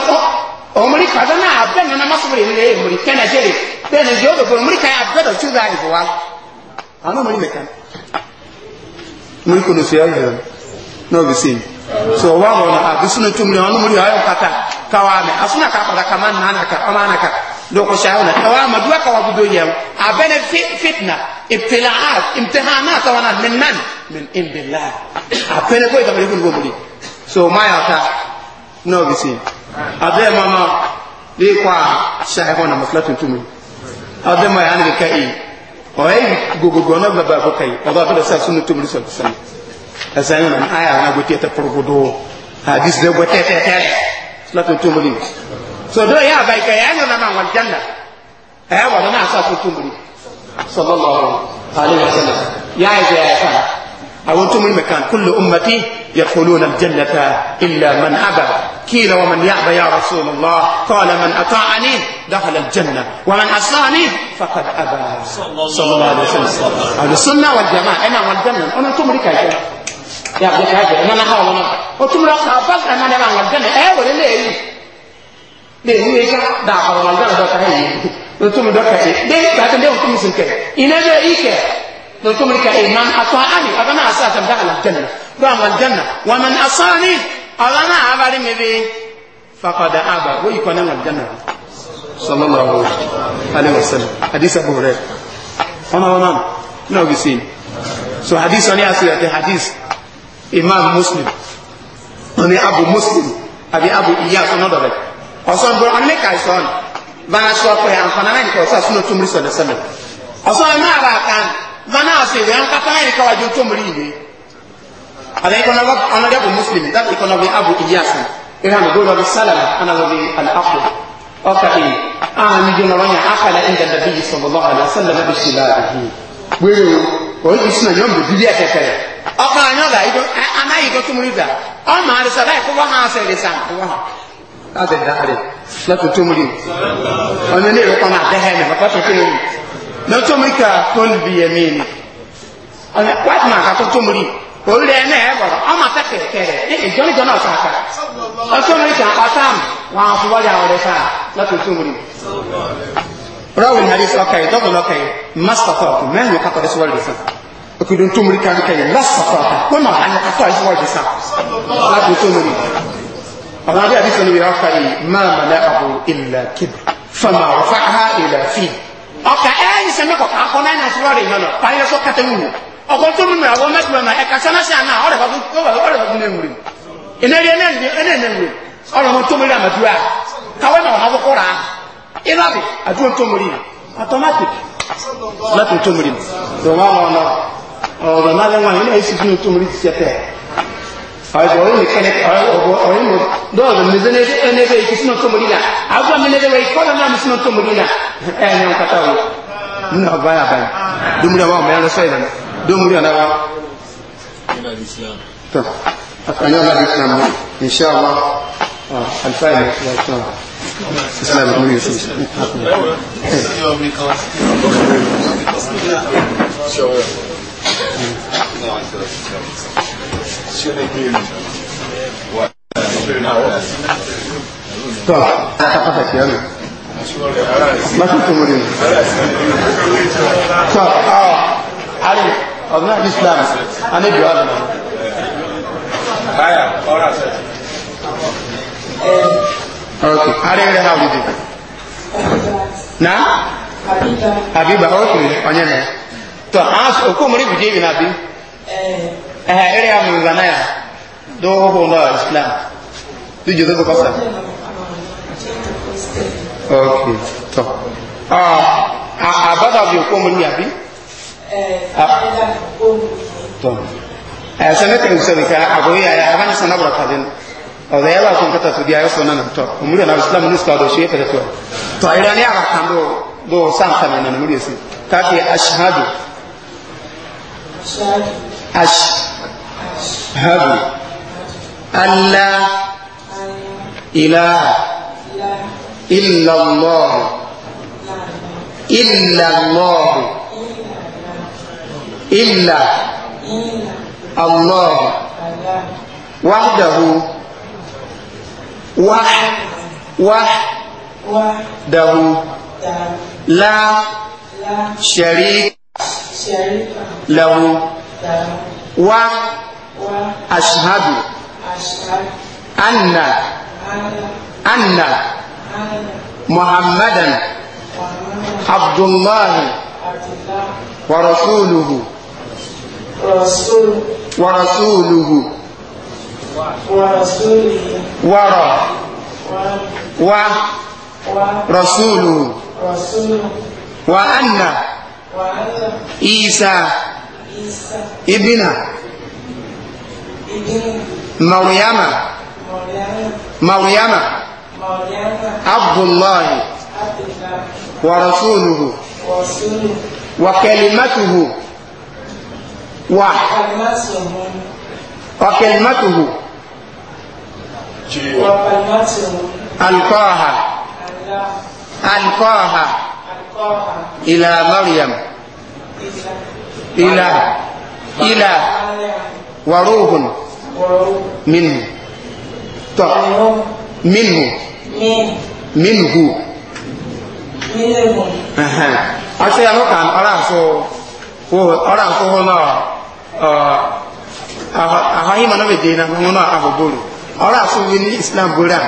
عمري كذا أنا عبد أنا ما صبر إليه عمري كان جري بين الجود وبين عمري كان عبد أو شو ذا يفوا أنا عمري مكان عمري كنا في أيه نو بسين so wa mo na abisu na tumri anu muri ayo kata kawane asuna ka para kaman nana ka amana ka doko shauna awa madua kwa wabudu yao abene fitna ibtilaat imtihanat wana min man min indillah abene kwa itabali kun gomuli so maya ta no bisi adre mama li kwa shaiko na maslatu tumi adre maya ani kai oyi gogogo na baba ko kai Allah ta sa sunu tumi sallallahu alaihi wasallam asayuna aya na gotieta progodo hadis de gotieta salatu tumi so يا ya يا انا ya na man wal janna eh wa na sa su tumuri sallallahu alaihi wasallam ya ya ya ka awon tumuri mekan kullu يدخلون الجنة إلا من أبى كيل ومن يأبى يا رسول الله قال من أطاعني دخل الجنة ومن أصاني فقد أبى صلى الله عليه وسلم أهل السنة والجماعة أنا والجنة أنا أنتم الجنة يا أبو كاجي أنا نحاول أنا وتملك أبى أنا نحاول الجنة أه ولا ليه de ni ne ka da kɔrɔ ma gan dɔ ka ye no tumi dɔ ka ye de ka te de tumi sin kɛ ina bɛ i kɛ no tumi ka ye man atɔ ani a kana asa ta da ala janna do amal janna wa man asani ala na abari me be faqada aba wo i kɔnɛ ngal janna sallallahu alaihi wasallam hadisa bu hore ona ona na bi sin so hadis oni asira te hadis imam muslim oni abu muslim abi abu iyas ona do ɔsɔn bɔrɔ ɔne ka sɔn vana sɔ kɔ yan fana na nka ɔsɔ asunɔ tomri sɔ dɛsɛ mɛ ɔsɔn na ara kan vana ɔsɛ yan ka fana nka wajo tomri yi ala ikɔnɔ bɛ ɔnɔ dɛ bɔ muslim dɛ ikɔnɔ bɛ abu iyasa ira mi gbɔdɔ bi salama ana bɛ bi alafu ɔka yi aa mi jɔn na wanya afa la ɛnda dabi yi sɔn bɔbɔ ala salama bi si la ahi wele o yi sinɛ nyɔn bi bibi ɛkɛkɛ ɔka nyɔ la ana yi dɔ tomri da ɔma arisa la yi kɔbɔ ha sɛ ɛrisa kɔbɔ ha láti dá rẹ̀ láti tó múlẹ̀ ọ̀nà ní ìrọ̀pá máa dá ẹ̀mẹ̀ bàbá tó kéwòn ní tó múlẹ̀ ká tó ń bi ẹ̀mí ni ọ̀nà wájú máa ká tó tó múlẹ̀ orí ẹ̀ náà ẹ̀ bọ̀rọ̀ ọmọ àtà kẹ̀kẹ́ rẹ̀ ní ìjọ́nìjọ́ náà sàn ká ọ̀tọ́ múlẹ̀ ká ọ̀tá wọn àti wájú àwọn ọ̀rẹ́ sáà láti tó múlẹ̀ rawi hadis okay dogo okay mastafa men yo kato resul desa okidon tumri kan kay lasafa ko ma an kato resul desa la ko tumri àwọn adé àdìsí ni wíwá fa yìí máa mọ̀lẹ́ àbò ilẹ̀ kébù fama ọ̀fà ha ilẹ̀ fi. ọkà ẹ ẹ ṣe mẹkọ kà kọ náà nàṣírọ rẹ yọnà parí ẹsọ kẹtẹ wù ọkọ tó mímu àwọn mẹsùlùmọ náà ẹka sẹ náà sẹ àná ọrẹ bàbá ọrẹ bàbá nínú rẹ ìnáyẹ náà nínú rẹ ọrọ mọ tómi rẹ àmàdúrà káwé náà wà fọkọ rà ìlàbì àdúrà tómi rẹ automatic láti tómi rẹ. ọ̀rọ̀ náà lẹ́wọ̀n ilé ọ̀yọ̀ ọ̀yọ̀ nìkan ọ̀yọ̀ nù dọ́ọ̀lù mìíràn ẹnẹ́fẹ́ ìkí sínú tó mọ̀lì náà àwọn àmì ẹnẹ́fẹ́ ìkọ́ náà mi sínú tó mọ̀lì náà ẹ̀ ẹ̀ ní ọ̀kátà wọn nínú ọba àbáyà domini àwọn ọmọ ẹran sọ ìlànà domini ọ̀nà wa. àkànní ọ̀nà bíi islam ìṣe àwọn alifa ìlú islam islam ìlú yóò ṣe. Thank you tọ́ àtàkì ẹnu masu tumurin tọ́ àrí ọ̀dún àti islam a ní ìjọ àdùn àrí rẹ̀ ha òdìdì na àbíbà ọkùnrin ọ̀nyẹ́rẹ̀ tọ́ àásù òkú mọ̀rí bìdí èmì nàbí ɛhɛ ere ya mun zana ya do hukun da islam do jizo ko ok to ah a bada bi ko mun ya bi to eh sanan kan usani ka agoyi ya aban sanan baraka din o da yala sun kata su biya yo sanan to mun na islam ne do shi ta to to ira ne aka do do san sanan ne mun yesi ka ke ashhadu ashhadu هب ألا إله إلا الله إلا الله إلا الله وحده وح وح، وحده لا شريك له وحده أشهد أن أن محمدا عبد الله ورسوله ورسوله ورسوله ورسوله وأن عيسى ابنه مريم مريم عبد الله ورسوله وكلمته وكلمته ألقاها ألقاها إلى مريم إلى إلى وروح منه Minu. منه منه منه اها اشياء لو كان اراسو هو اراسو هنا اه ahọ́yí ma lọ́wọ́ dèé náà wọn náà ahọ́ bóòlù ọ̀rọ̀ àsọ̀wé ní islam bóòlù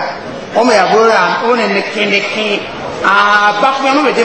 ọmọ ya bóòlù ọmọ nìkínníkí àbá fún ọmọ dèé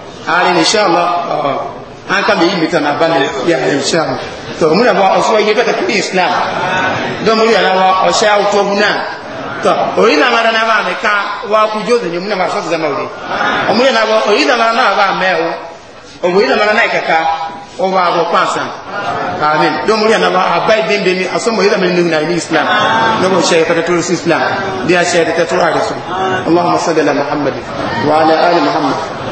arin inshallah uh, uh, an kama yi mitan a bane ya inshallah to muna ba ọsọ yi bẹta kudi islam don mu yana wa ọsẹ awuto muna to oyi na mara na ba mi ka wa ku jozo ne muna ba sọ zama O ọmọ yana ba oyi na mara na ba o oyi na mara na ikaka ọba abọ kwansan amin don mu yana ba abai bimbe ni aso mu yi zama ni na ni islam na ba shi ka taturu islam dia shi ka taturu arisu allahumma salli ala muhammad wa ala ali muhammad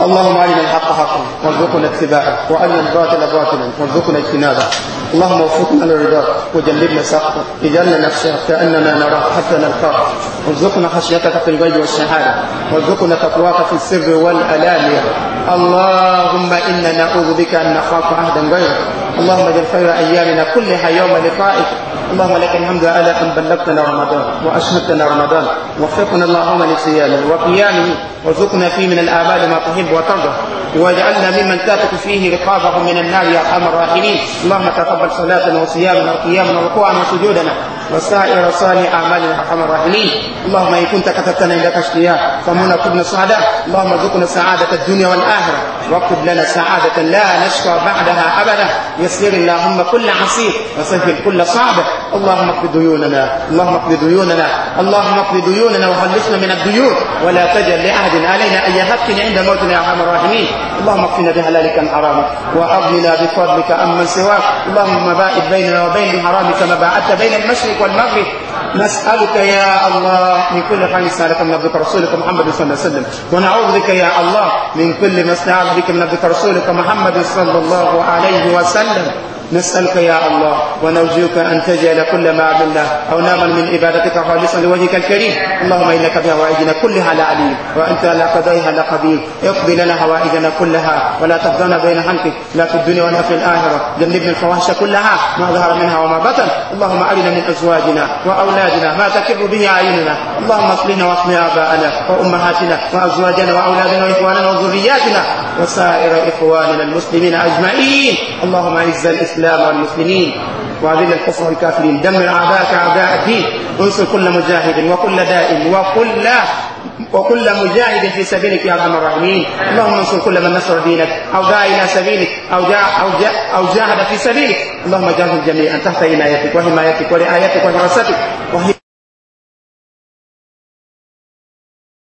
اللهم علم الحق حقا وارزقنا اتباعه وعلم الباطل باطلا وارزقنا اجتنابه اللهم وفقنا لرضاك وجنبنا سخطك اجعلنا نخشاك كاننا نراك حتى نلقاك وارزقنا خشيتك في الغي والشهاده وارزقنا تقواك في السر والالانيه اللهم انا نعوذ بك ان نخاف عهدا غيرك اللهم اجعل خير ايامنا كلها يوم لقائك اللهم لك الحمد على ان بلغتنا رمضان واشهدتنا رمضان وفقنا اللهم لصيامه وقيامه وارزقنا فيه من الآباد ما تحب وترضى واجعلنا ممن تاتك فيه رقابهم من النار يا ارحم الراحمين اللهم تقبل صلاتنا وصيامنا وقيامنا وركوعنا وسجودنا وسائر صالح اعمالنا يا ارحم الراحمين اللهم ان كنت كتبتنا عندك اشقياء فمنا كنا سعداء اللهم ارزقنا سعاده الدنيا والاخره واكتب لنا سعاده لا نشقى بعدها ابدا يسر اللهم كل عسير وسهل كل صعب اللهم اقض ديوننا اللهم اقض ديوننا اللهم اقض ديوننا وخلصنا من الديون ولا تجعل لاحد علينا ان يهكن عند موتنا يا ارحم الراحمين اللهم اكفنا بحلالك عن حرامك وأغننا بفضلك عمن سواك اللهم باعد بيننا وبين الحرام كما باعدت بين المشرق والمغرب نسألك يا الله من كل خير سألك من عبدك رسولك محمد صلى الله عليه وسلم ونعوذ بك يا الله من كل ما استعاذ بك من عبدك رسولك محمد صلى الله عليه وسلم نسألك يا الله ونرجوك أن تجعل كل ما عملنا أو نعمل من عبادتك خالصا لوجهك الكريم اللهم إنك بهوائجنا كلها لا عليم وأنت على قضائها لا قدير اقضي لنا هوائجنا كلها ولا تفضلنا بين حنكك لا في الدنيا ولا في الآخرة جنبنا الفواحش كلها ما ظهر منها وما بطن اللهم أرنا من أزواجنا وأولادنا ما تكر به أعيننا اللهم اصلنا واصل آباءنا وأمهاتنا وأزواجنا وأولادنا وإخواننا وذرياتنا وسائر إخواننا المسلمين أجمعين اللهم أعز الإسلام الإسلام والمسلمين وأذل الكفر والكافرين دمر أعداءك أعداء الدين انصر كل مجاهد وكل دائم وكل وكل مجاهد في سبيلك يا ارحم الراحمين اللهم انصر كل من نصر دينك او دعا الى سبيلك او جاء او جاء او جاهد في سبيلك اللهم اجعلهم جميعا تحت عنايتك وحمايتك ورعايتك ودراستك